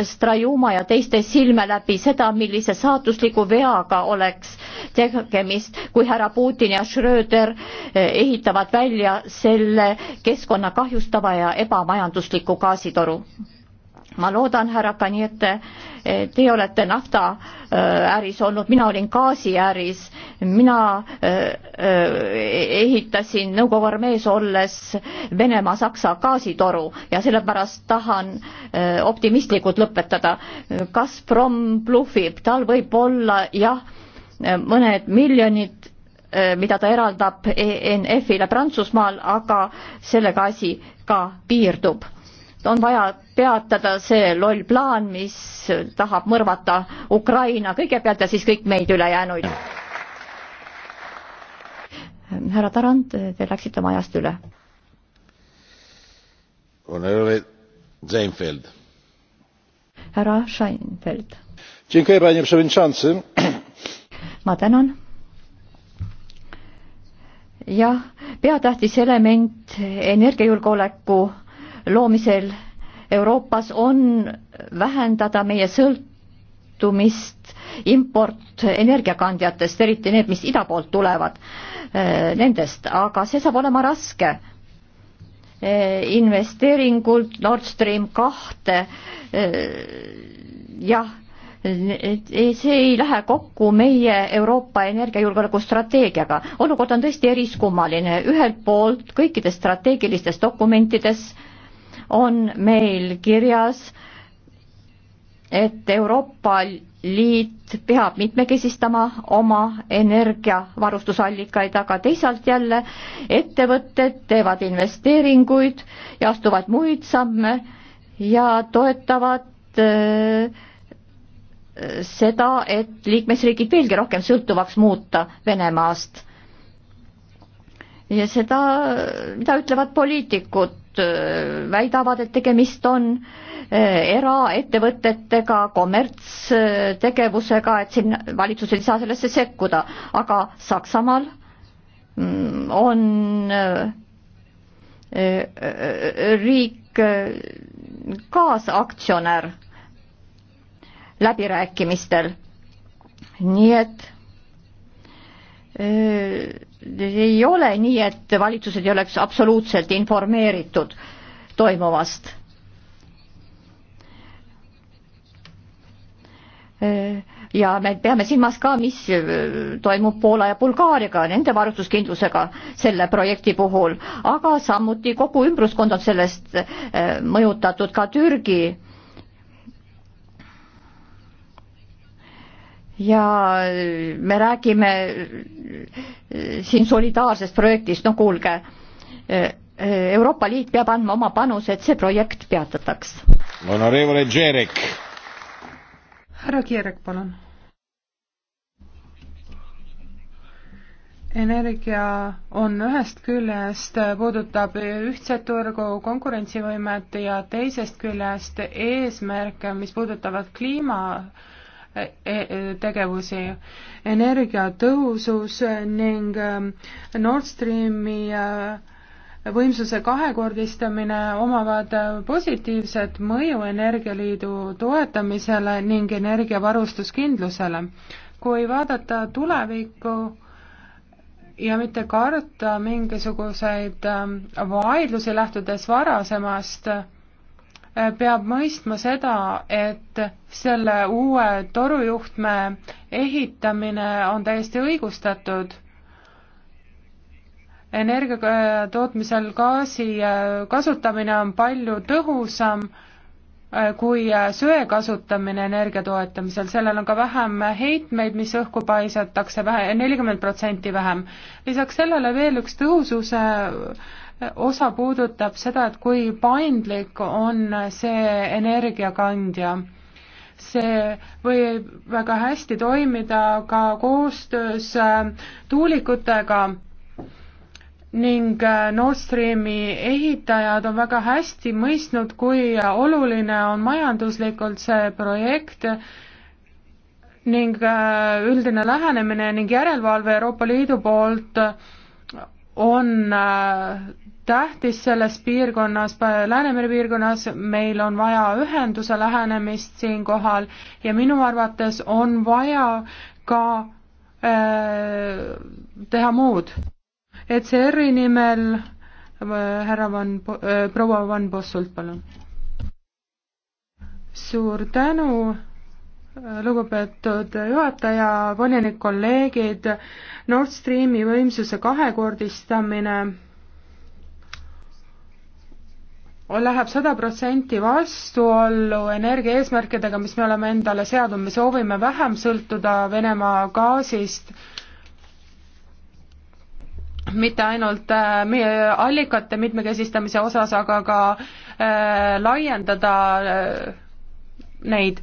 Strajuma ja teiste silme läbi seda, millise saatusliku veaga oleks tegemist, kui härra Putin ja Schröder eh, ehitavad välja selle keskkonna kahjustava ja ebamajandusliku gaasitoru ma loodan, härra Kaniete, teie olete naftaäris äh, olnud, mina olin gaasiäris, mina äh, äh, ehitasin Nõukogude armees olles Venemaa-Saksa gaasitoru ja sellepärast tahan optimistlikult lõpetada. Gazprom bluffib, tal võib olla jah, mõned miljonid mida ta eraldab ENF-ile Prantsusmaal, aga sellega asi ka piirdub on vaja peatada see loll plaan, mis tahab mõrvata Ukraina kõigepealt ja siis kõik meid ülejäänuid. härra Tarand, te läksite oma ajast üle. härra Scheinfeld. ma tänan jah, peatähtis element energiajulgeoleku loomisel Euroopas on vähendada meie sõltumist import energiakandjatest, eriti need, mis ida poolt tulevad, eh, nendest, aga see saab olema raske. Eh, investeeringud Nord Stream kahte, eh, jah, see ei lähe kokku meie Euroopa energiajulgeoleku strateegiaga. olukord on tõesti eriskummaline, ühelt poolt kõikides strateegilistes dokumentides äh, on meil kirjas, et Euroopa Liit peab mitmekesistama oma energiavarustusallikaid, aga teisalt jälle ettevõtted teevad investeeringuid ja astuvad muid samme ja toetavad äh, seda, et liikmesriigid veelgi rohkem sõltuvaks muuta Venemaast ja seda, mida ütlevad poliitikud, äh, väidavad, et tegemist on äh, eraettevõtetega, kommertstegevusega, et siin valitsus ei saa sellesse sekkuda, aga Saksamaal mm, on äh, riik kaasaktsionär läbirääkimistel, nii et ei ole nii, et valitsused ei oleks absoluutselt informeeritud toimuvast. ja me peame silmas ka, mis toimub Poola ja Bulgaariaga, nende varustuskindlusega selle projekti puhul, aga samuti kogu ümbruskond on sellest mõjutatud, ka Türgi ja me räägime äh, siin solidaarsest projektist, no kuulge, äh, äh, Euroopa Liit peab andma oma panuse, et see projekt peatataks. härra Kierek, palun. energia on ühest küljest, puudutab ühtset turgu, konkurentsivõimet ja teisest küljest eesmärke, mis puudutavad kliima E, e, tegevusi. energiatõhusus ning ähm, Nord Streami äh, võimsuse kahekordistamine omavad äh, positiivset mõju Energialiidu toetamisele ning energiavarustuskindlusele. kui vaadata tulevikku, ja mitte karta mingisuguseid ähm, vaidlusi, lähtudes varasemast peab mõistma seda, et selle uue torujuhtme ehitamine on täiesti õigustatud. energia äh, tootmisel gaasi äh, kasutamine on palju tõhusam äh, kui söe kasutamine energia toetamisel, sellel on ka vähem heitmeid, mis õhku paisatakse vähe, nelikümmend protsenti vähem. lisaks sellele veel üks tõhususe osa puudutab seda, et kui paindlik on see energiakandja. see võib väga hästi toimida ka koostöös äh, tuulikutega ning äh, Nord Streami ehitajad on väga hästi mõistnud, kui oluline on majanduslikult see projekt ning äh, üldine lähenemine ning järelevalve Euroopa Liidu poolt on tähtis selles piirkonnas, Läänemere piirkonnas, meil on vaja ühenduse lähenemist siinkohal ja minu arvates on vaja ka äh, teha muud. ECR-i nimel äh, härra Van äh,, proua Van Bossult, palun. suur tänu äh, lugupeetud juhataja, volinik, kolleegid, Nord Streami võimsuse kahekordistamine on, läheb sada protsenti vastuollu energiaeesmärkidega, mis me oleme endale seadnud, me soovime vähem sõltuda Venemaa gaasist, mitte ainult äh, meie allikate mitmekesistamise osas, aga ka äh, laiendada äh, neid.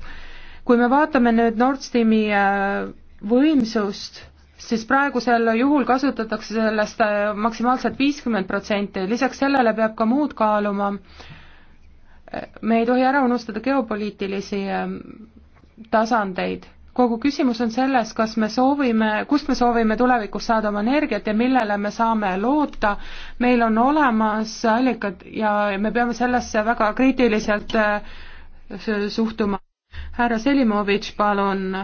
kui me vaatame nüüd Nord Streami äh, võimsust, siis praegusel juhul kasutatakse sellest äh, maksimaalselt viiskümmend protsenti, lisaks sellele peab ka muud kaaluma, me ei tohi ära unustada geopoliitilisi ähm, tasandeid. kogu küsimus on selles, kas me soovime, kust me soovime tulevikus saada oma energiat ja millele me saame loota, meil on olemas allikad ja me peame sellesse väga kriitiliselt äh, suhtuma. härra Selimovitš, palun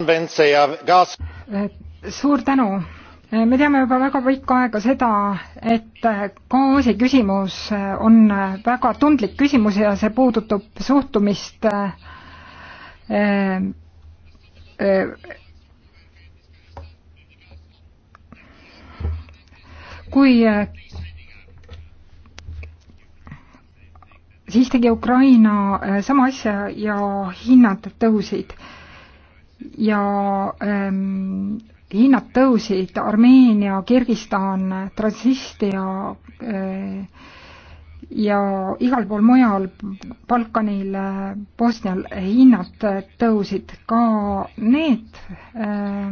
Äh, suur tänu äh, me teame juba väga pikka aega seda, et äh, gaasi küsimus on väga tundlik küsimus ja see puudutab suhtumist kui siis tegi Ukraina sama asja ja hinnad tõusid ja ähm, hinnad tõusid, Armeenia, Kirgistan, Transnistria äh, ja igal pool mujal, Balkanil, äh, Bosnial hinnad tõusid, ka need äh,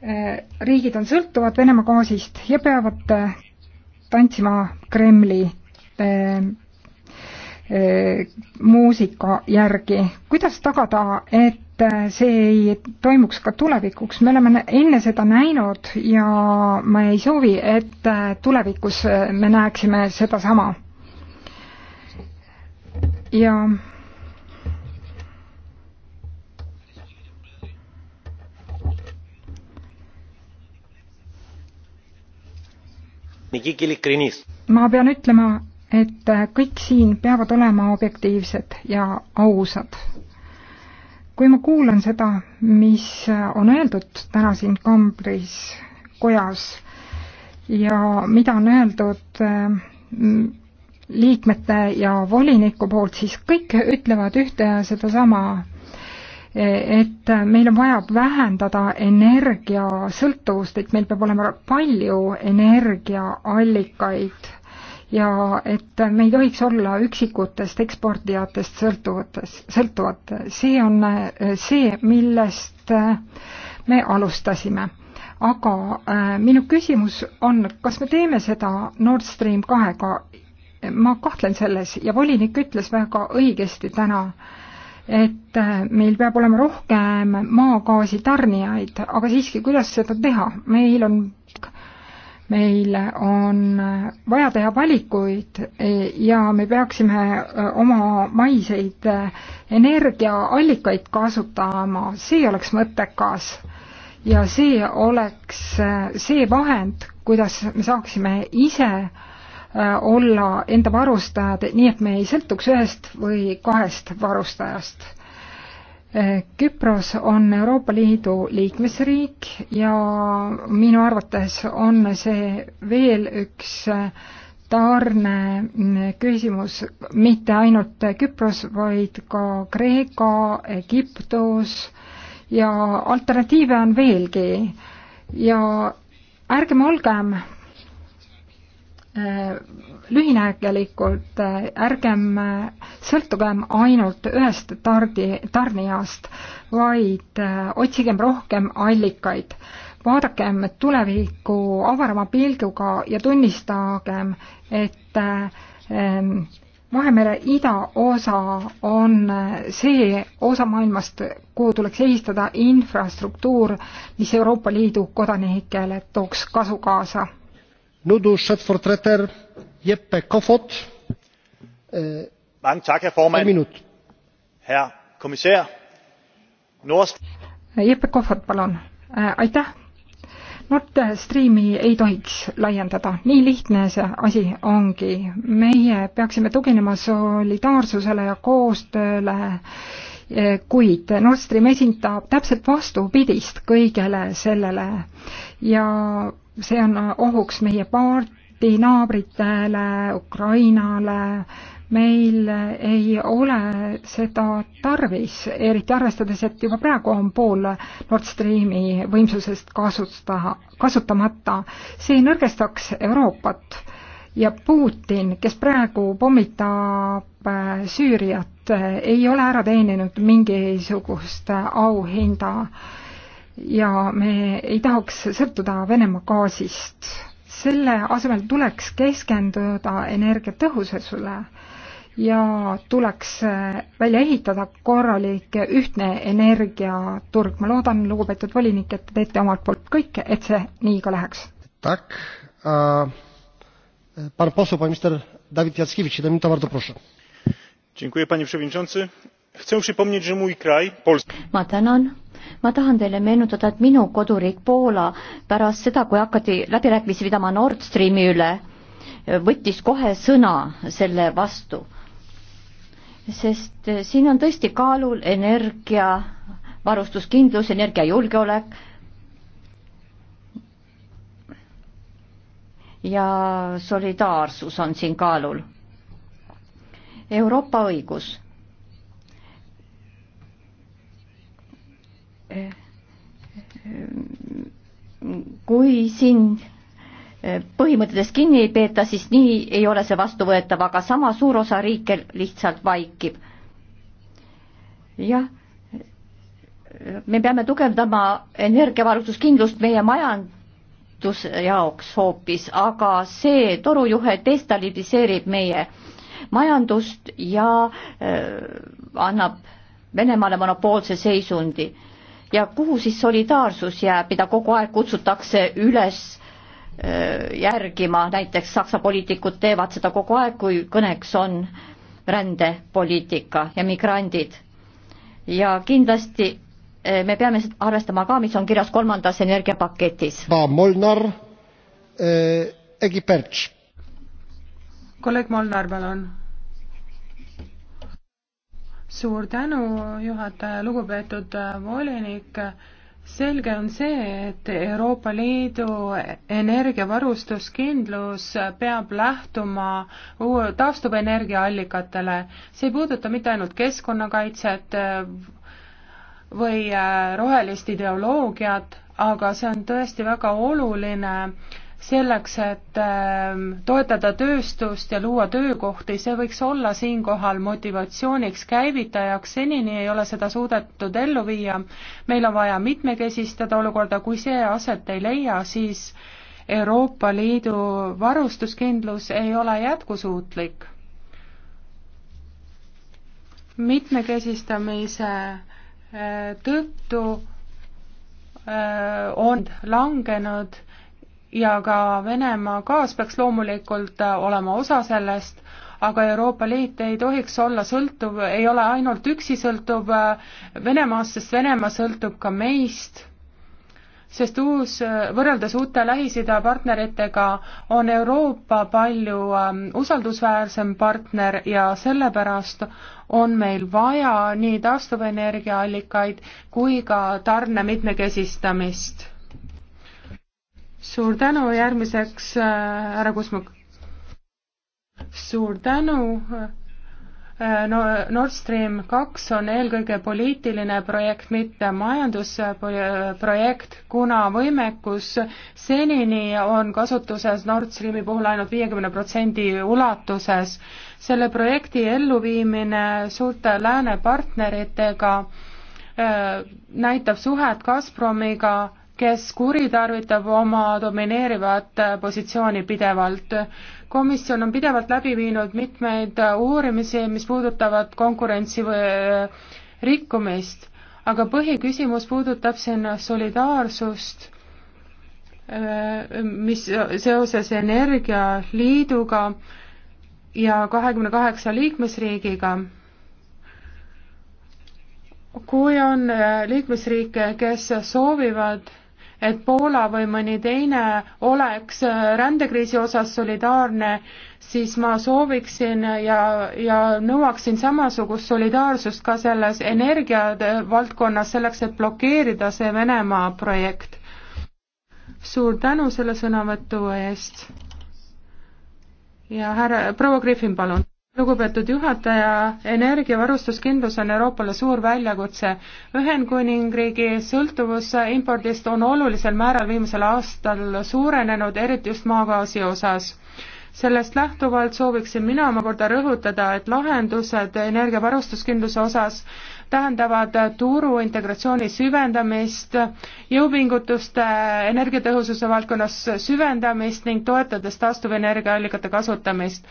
äh, riigid on sõltuvad Venemaa gaasist ja peavad äh, tantsima Kremli äh, äh, muusika järgi. kuidas tagada, et Äh, see ei toimuks ka tulevikuks, me oleme enne seda näinud ja ma ei soovi, et äh, tulevikus äh, me näeksime sedasama. ja ma pean ütlema, et kõik siin peavad olema objektiivsed ja ausad kui ma kuulan seda, mis on öeldud täna siin kambris, kojas ja mida on öeldud eh, liikmete ja voliniku poolt, siis kõik ütlevad ühte ja sedasama, eh, et meil on vaja vähendada energiasõltuvust, et meil peab olema palju energiaallikaid ja et me ei tohiks olla üksikutest ekspordijatest sõltuvates, sõltuvad. see on äh, see, millest äh, me alustasime. aga äh, minu küsimus on, kas me teeme seda Nord Stream kahega? ma kahtlen selles ja volinik ütles väga õigesti täna, et meil peab olema rohkem maagaasi tarnijaid, aga siiski, kuidas seda teha? meil on meil on vaja teha valikuid e, ja me peaksime e, oma maiseid e, energiaallikaid kasutama, see oleks mõttekas. ja see oleks see vahend, kuidas me saaksime ise olla enda varustajad, nii et me ei sõltuks ühest või kahest varustajast Küpros on Euroopa Liidu liikmesriik ja minu arvates on see veel üks tarne küsimus mitte ainult Küpros, vaid ka Kreeka, Egiptus ja alternatiive on veelgi ja ärgem olgem lühinägelikult, ärgem sõltugem ainult ühest tardi, tarnijast, vaid otsigem rohkem allikaid. vaadakem tulevikku avarama pilguga ja tunnistagem, et ehm, Vahemere idaosa on see osa maailmast, kuhu tuleks ehitada infrastruktuur, mis Euroopa Liidu kodanikele tooks kasu kaasa E, herr kommissär! E, jeppe kofod palun! E, aitäh! nord streami ei tohiks laiendada nii lihtne see asi ongi meie peaksime tuginema solidaarsusele ja koostööle kuid Nord Stream esindab täpselt vastupidist kõigele sellele ja see on ohuks meie partinaabritele, Ukrainale, meil ei ole seda tarvis, eriti arvestades, et juba praegu on pool Nord Streami võimsusest kasuta, kasutamata. see nõrgestaks Euroopat ja Putin, kes praegu pommitab äh, Süüriat, äh, ei ole ära teeninud mingisugust auhinda ja me ei tahaks sõltuda Venemaa gaasist. selle asemel tuleks keskenduda energiatõhususele ja tuleks välja ehitada korralik ühtne energiaturg. ma loodan, lugupeetud volinik, et te teete omalt poolt kõik, et see nii ka läheks. tak uh,, pan poseł, pan minister Dawid Jackiewicz, jedna minuta, bardzo proszę. Dziękuję panie przewodniczący. Chcę przypomnieć, że mój kraj, Polska. ma tänan ma tahan teile meenutada, et minu koduriik Poola pärast seda, kui hakati läbirääkimisi pidama Nord Streami üle, võttis kohe sõna selle vastu. sest eh, siin on tõesti kaalul energia varustuskindlus, energiajulgeolek ja solidaarsus on siin kaalul. Euroopa õigus kui siin eh, põhimõtetest kinni ei peeta, siis nii ei ole see vastuvõetav, aga sama suur osa riike lihtsalt vaikib. jah, me peame tugevdama energiavarustuskindlust meie majandus jaoks hoopis, aga see torujuhe destabiliseerib meie majandust ja äh, annab Venemaale monopoolse seisundi ja kuhu siis solidaarsus jääb, mida kogu aeg kutsutakse üles järgima, näiteks Saksa poliitikud teevad seda kogu aeg, kui kõneks on rändepoliitika ja migrandid. ja kindlasti me peame arvestama ka, mis on kirjas kolmandas energiapaketis. Molnar äh,, Egi Perts. kolleeg Molnar, palun suur tänu, juhataja, lugupeetud äh, volinik. selge on see, et Euroopa Liidu energiavarustuskindlus peab lähtuma taastuvenergiaallikatele. see ei puuduta mitte ainult keskkonnakaitset äh, või äh, rohelist ideoloogiat, aga see on tõesti väga oluline selleks, et ähm, toetada tööstust ja luua töökohti, see võiks olla siinkohal motivatsiooniks, käivitajaks, senini ei ole seda suudetud ellu viia. meil on vaja mitmekesistada olukorda, kui see aset ei leia, siis Euroopa Liidu varustuskindlus ei ole jätkusuutlik. mitmekesistamise äh, tõttu äh, on langenud ja ka Venemaa gaas peaks loomulikult äh, olema osa sellest, aga Euroopa Liit ei tohiks olla sõltuv, ei ole ainult üksi sõltuv äh, Venemaast, sest Venemaa sõltub ka meist, sest uus, äh, võrreldes uute Lähis-Ida partneritega on Euroopa palju ähm, usaldusväärsem partner ja sellepärast on meil vaja nii taastuvenergiaallikaid kui ka tarne mitmekesistamist suur tänu, järgmiseks äh, härra Kusmuk. suur tänu äh, no Nord Stream kaks on eelkõige poliitiline projekt, mitte majandusprojekt, kuna võimekus senini on kasutuses Nord Streami puhul ainult viiekümne protsendi ulatuses. selle projekti elluviimine suurte lääne partneritega äh, näitab suhet Gazpromiga kes kuritarvitab oma domineerivat positsiooni pidevalt. komisjon on pidevalt läbi viinud mitmeid uurimisi, mis puudutavad konkurentsi äh, rikkumist, aga põhiküsimus puudutab siin solidaarsust, äh, mis seoses Energialiiduga ja kahekümne kaheksa liikmesriigiga kui on äh, liikmesriike, kes soovivad et Poola või mõni teine oleks rändekriisi osas solidaarne, siis ma sooviksin ja, ja nõuaksin samasugust solidaarsust ka selles energiavaldkonnas, selleks et blokeerida see Venemaa projekt. suur tänu selle sõnavõtu eest ja härra, proua Griffin, palun lugupeetud juhataja, energiavarustuskindlus on Euroopale suur väljakutse. Ühendkuningriigi sõltuvus impordist on olulisel määral viimasel aastal suurenenud, eriti just maagaasi osas. sellest lähtuvalt sooviksin mina omakorda rõhutada, et lahendused energiavarustuskindluse osas tähendavad turu integratsiooni süvendamist, jõupingutuste energiatõhususe valdkonnas süvendamist ning toetades taastuvenergiaallikate kasutamist.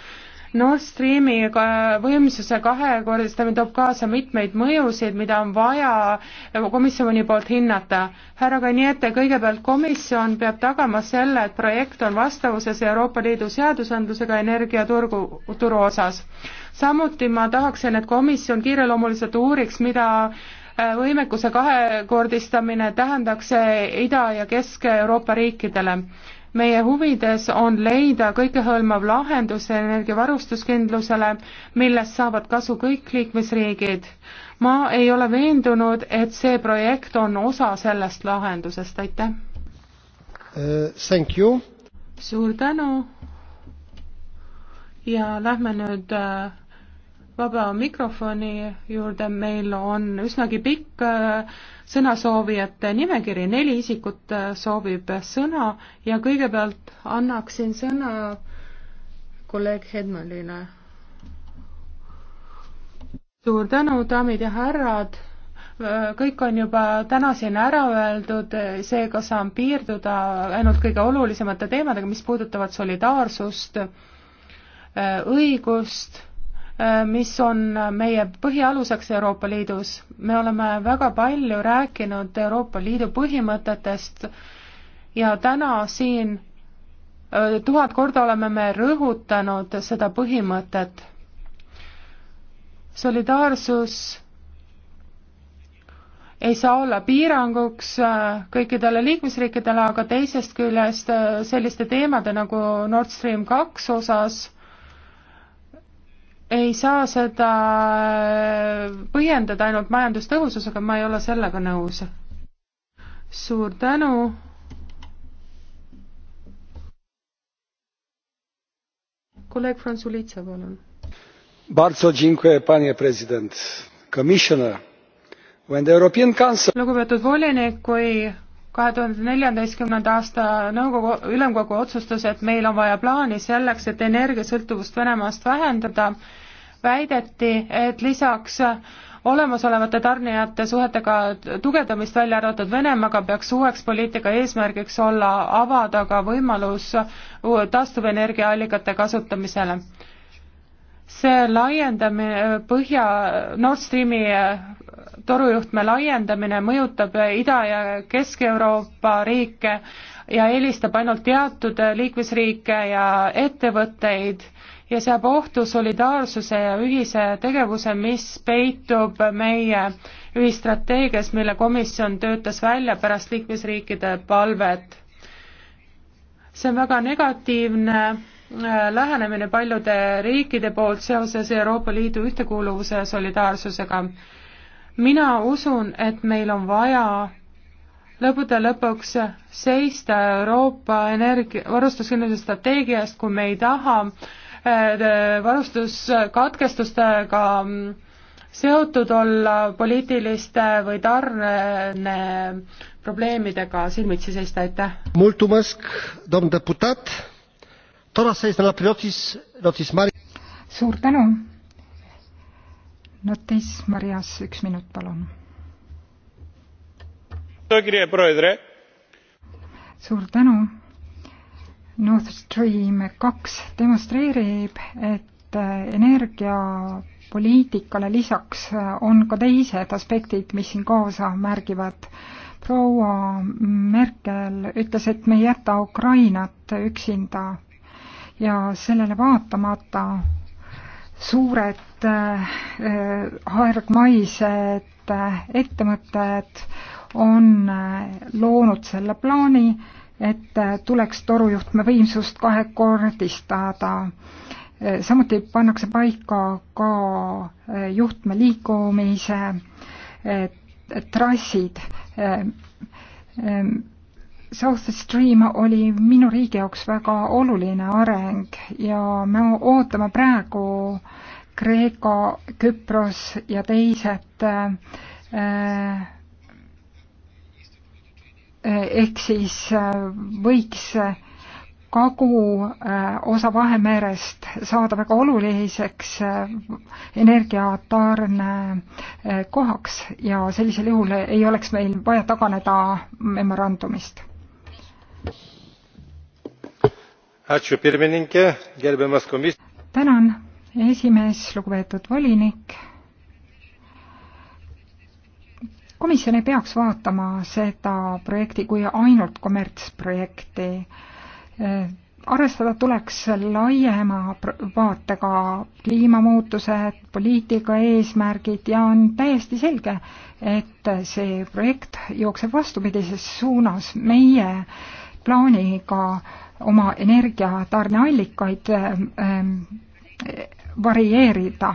Nord Streami võimsuse kahekordistamine toob kaasa mitmeid mõjusid, mida on vaja komisjoni poolt hinnata. härra Kaniete, kõigepealt komisjon peab tagama selle, et projekt on vastavuses Euroopa Liidu seadusandlusega energiaturgu, turu osas. samuti ma tahaksin, et komisjon kiireloomuliselt uuriks, mida äh, võimekuse kahekordistamine tähendaks äh, Ida- ja Kesk-Euroopa riikidele meie huvides on leida kõikehõlmav lahendus energiavarustuskindlusele, millest saavad kasu kõik liikmesriigid. ma ei ole veendunud, et see projekt on osa sellest lahendusest, aitäh uh,. Thank you. suur tänu. ja lähme nüüd uh, vaba mikrofoni juurde, meil on üsnagi pikk äh, sõnasoovijate nimekiri, neli isikut äh, soovib sõna ja kõigepealt annaksin sõna kolleeg Hedmanile. suur tänu, daamid ja härrad, äh, kõik on juba täna siin ära öeldud, seega saan piirduda ainult kõige olulisemate teemadega, mis puudutavad solidaarsust, õigust Äh, mis on meie põhialuseks Euroopa Liidus. me oleme väga palju rääkinud Euroopa Liidu põhimõtetest ja täna siin äh, tuhat korda oleme me rõhutanud seda põhimõtet. solidaarsus ei saa olla piiranguks äh, kõikidele liikmesriikidele, aga teisest küljest selliste teemade nagu Nord Stream kaks osas ei saa seda äh, põhjendada ainult majandustõhususega, ma ei ole sellega nõus. suur tänu. kolleeg Franzulitsa, palun. Bardzo dziękuję, panie president. Commissioner, when the European Council lugupeetud volinik, kui kahe tuhande neljateistkümnenda aasta nõukogu, ülemkogu otsustas, et meil on vaja plaani selleks, et energiasõltuvust Venemaast vähendada, väideti, et lisaks olemasolevate tarnijate suhetega tugevdamist välja arvatud Venemaaga peaks uueks poliitika eesmärgiks olla avada ka võimalus taastuvenergiaallikate kasutamisele. see laiendamine Põhja Nord Streami torujuhtme laiendamine mõjutab Ida- ja Kesk-Euroopa riike ja eelistab ainult teatud liikmesriike ja ettevõtteid ja seab ohtu solidaarsuse ja ühise tegevuse, mis peitub meie ühistrateegias, mille komisjon töötas välja pärast liikmesriikide palvet. see on väga negatiivne äh, lähenemine paljude riikide poolt seoses Euroopa Liidu ühtekuuluvuse ja solidaarsusega mina usun, et meil on vaja lõppude lõpuks seista Euroopa energia, varustuskindluse strateegiast, kui me ei taha eh, varustuskatkestustega mm, seotud olla poliitiliste või tarne probleemidega silmitsi seista, aitäh! suur tänu! Notis Marias, üks minut, palun. suur tänu. Nord Stream kaks demonstreerib, et äh, energiapoliitikale lisaks äh, on ka teised aspektid, mis siin kaasa märgivad. proua Merkel ütles, et me ei jäta Ukrainat üksinda ja sellele vaatamata suured äh, hargmaised äh, ettevõtted on äh, loonud selle plaani, et tuleks torujuhtme võimsust kahekordistada. samuti pannakse paika ka juhtme liikumise trassid South Stream oli minu riigi jaoks väga oluline areng ja me ootame praegu Kreeka, Küpros ja teised eh, ehk siis eh, võiks kagu osa Vahemerest saada väga oluliseks eh, energiatarne kohaks ja sellisel juhul ei oleks meil vaja taganeda memorandumist tänan, esimees, lugupeetud volinik komisjon ei peaks vaatama seda projekti kui ainult kommertsprojekti. arvestada tuleks laiema vaatega kliimamuutused, poliitika eesmärgid ja on täiesti selge, et see projekt jookseb vastupidises suunas meie äh, plaaniga oma energiatarneallikaid ähm, varieerida.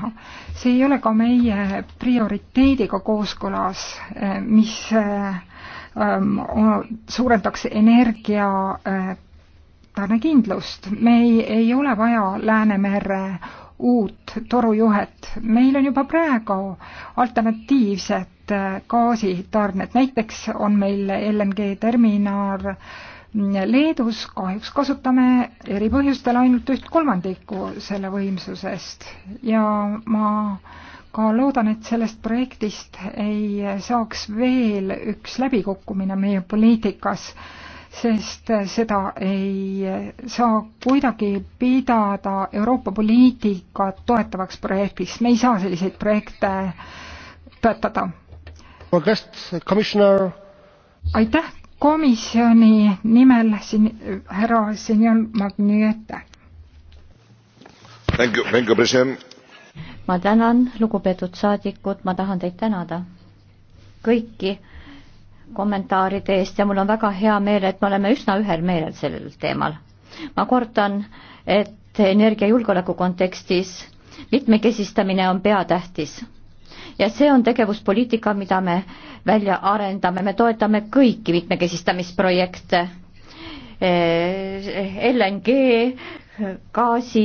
see ei ole ka meie prioriteediga kooskõlas, äh, mis ähm, suurendaks energia äh, tarnekindlust. me ei, ei ole vaja Läänemere uut torujuhet, meil on juba praegu alternatiivsed äh, gaasitarned, näiteks on meil LNG terminal Leedus kahjuks kasutame eri põhjustel ainult üht kolmandikku selle võimsusest ja ma ka loodan, et sellest projektist ei saaks veel üks läbikukkumine meie poliitikas, sest seda ei saa kuidagi pidada Euroopa poliitikat toetavaks projektiks, me ei saa selliseid projekte toetada. aitäh komisjoni nimel siin härra Senjon Magniete. ma tänan, lugupeetud saadikud, ma tahan teid tänada kõiki kommentaaride eest ja mul on väga hea meel, et me oleme üsna ühel meelel sellel teemal. ma kordan, et energiajulgeoleku kontekstis mitmekesistamine on peatähtis ja see on tegevuspoliitika, mida me välja arendame, me toetame kõiki mitmekesistamisprojekte. Eh, LNG, gaasi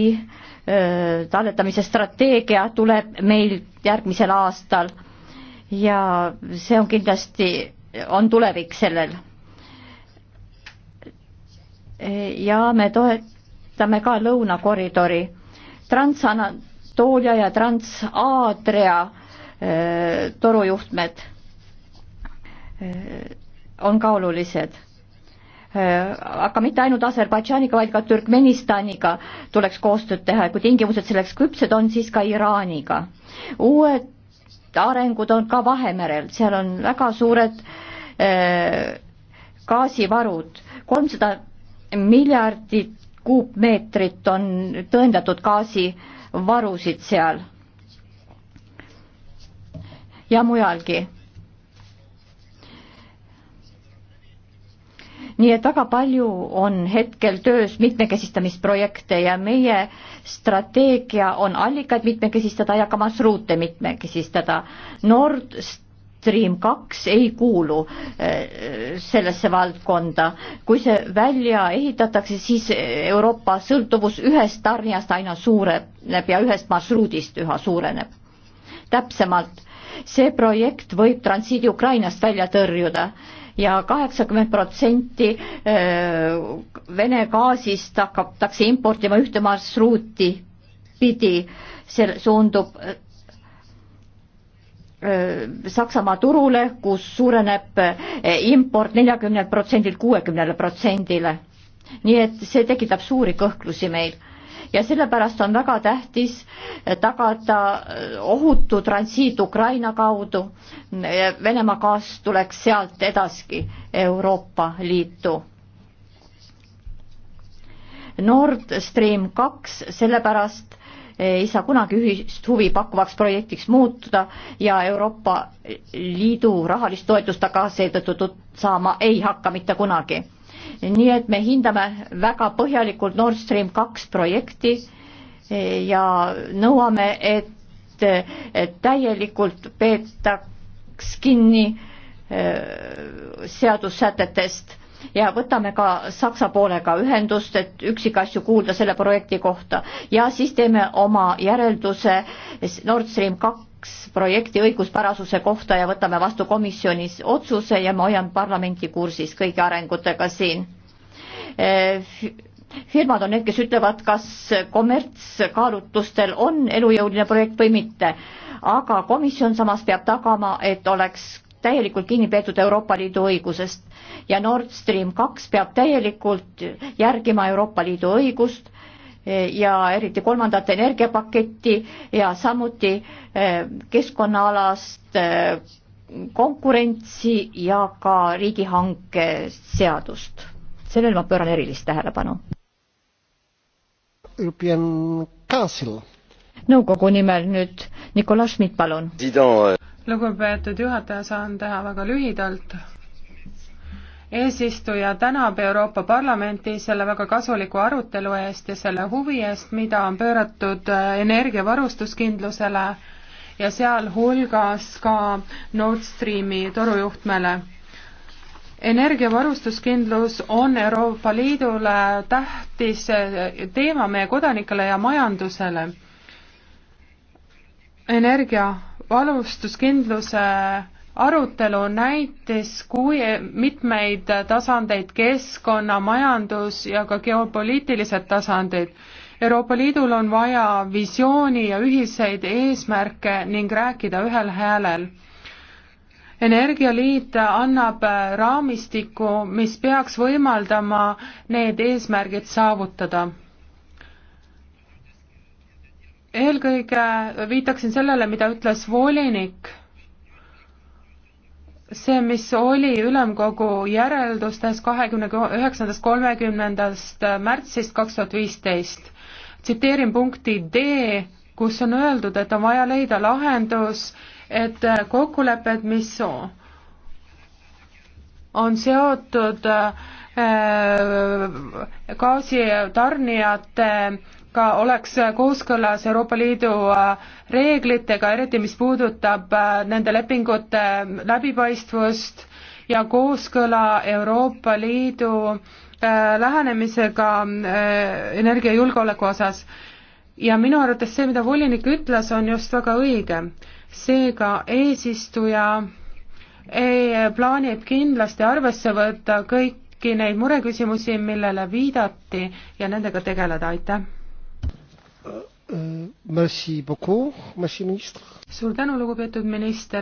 eh, talletamise strateegia tuleb meil järgmisel aastal ja see on kindlasti, on tulevik sellel. Eh, ja me toetame ka lõunakoridori, Trans-Anatoolia ja Trans-Aadria Äh, torujuhtmed äh, on ka olulised. Äh, aga mitte ainult Aserbaidžaaniga, vaid ka Türkmenistaniga tuleks koostööd teha ja kui tingimused selleks küpsed on, siis ka Iraaniga. uued arengud on ka Vahemerel, seal on väga suured gaasivarud, kolmsada miljardit kuupmeetrit on tõendatud gaasivarusid seal ja mujalgi. nii et väga palju on hetkel töös mitmekesistamisprojekte ja meie strateegia on allikaid mitmekesistada ja ka marsruute mitmekesistada. Nord Stream kaks ei kuulu eh, sellesse valdkonda. kui see välja ehitatakse, siis Euroopa sõltuvus ühest tarnijast aina suureneb ja ühest marsruudist üha suureneb. täpsemalt see projekt võib transiidi Ukrainast välja tõrjuda ja kaheksakümmend protsenti äh, Vene gaasist hakatakse importima ühte marsruuti pidi, see suundub äh, äh, Saksamaa turule, kus suureneb import neljakümnelt protsendilt kuuekümnele protsendile. nii et see tekitab suuri kõhklusi meil ja sellepärast on väga tähtis tagada ohutu transiit Ukraina kaudu. Venemaa gaas tuleks sealt edaski Euroopa Liitu. Nord Stream kaks sellepärast ei saa kunagi ühist huvi pakkuvaks projektiks muutuda ja Euroopa Liidu rahalist toetust ta ka seetõttu saama ei hakka mitte kunagi nii et me hindame väga põhjalikult Nord Stream kaks projekti eh, ja nõuame, et, et täielikult peetaks kinni eh, seadussätetest ja võtame ka Saksa poolega ühendust, et üksikasju kuulda selle projekti kohta ja siis teeme oma järelduse Nord Stream kaks kaks projekti õiguspärasuse kohta ja võtame vastu komisjonis otsuse ja ma hoian parlamenti kursis kõigi arengutega siin. Äh, firmad on need, kes ütlevad, kas kommertskaalutlustel on elujõuline projekt või mitte, aga komisjon samas peab tagama, et oleks täielikult kinni peetud Euroopa Liidu õigusest ja Nord Stream kaks peab täielikult järgima Euroopa Liidu õigust ja eriti kolmandat energiapaketti ja samuti eh, keskkonnaalast eh, konkurentsi ja ka riigihanke seadust. sellele ma pööran erilist tähelepanu. European Council. nõukogu nimel nüüd Nikolai Schmidt, palun. Eh. lugupeetud juhataja, saan teha väga lühidalt eesistuja tänab Euroopa Parlamenti selle väga kasuliku arutelu eest ja selle huvi eest, mida on pööratud äh, energiavarustuskindlusele ja sealhulgas ka Nord Streami torujuhtmele. energiavarustuskindlus on Euroopa Liidule tähtis äh, teema meie kodanikele ja majandusele. energia varustuskindluse arutelu näitas, kui mitmeid tasandeid, keskkonna, majandus ja ka geopoliitilised tasandid. Euroopa Liidul on vaja visiooni ja ühiseid eesmärke ning rääkida ühel häälel. energialiit annab raamistiku, mis peaks võimaldama need eesmärgid saavutada eelkõige viitaksin sellele, mida ütles volinik see, mis oli ülemkogu järeldustes kahekümne üheksandast, kolmekümnendast äh, märtsist kaks tuhat viisteist. tsiteerin punkti D, kus on öeldud, et on vaja leida lahendus, et äh, kokkulepped, mis on seotud äh, gaasitarnijate äh, ka oleks kooskõlas Euroopa Liidu äh, reeglitega, eriti mis puudutab äh, nende lepingute äh, läbipaistvust ja kooskõla Euroopa Liidu lähenemisega energiajulgeoleku osas. ja minu arvates see, mida volinik ütles, on just väga õige. seega eesistuja ei, plaanib kindlasti arvesse võtta kõiki neid mureküsimusi, millele viidati ja nendega tegeleda, aitäh! Euh, euh, suur tänu, lugupeetud minister.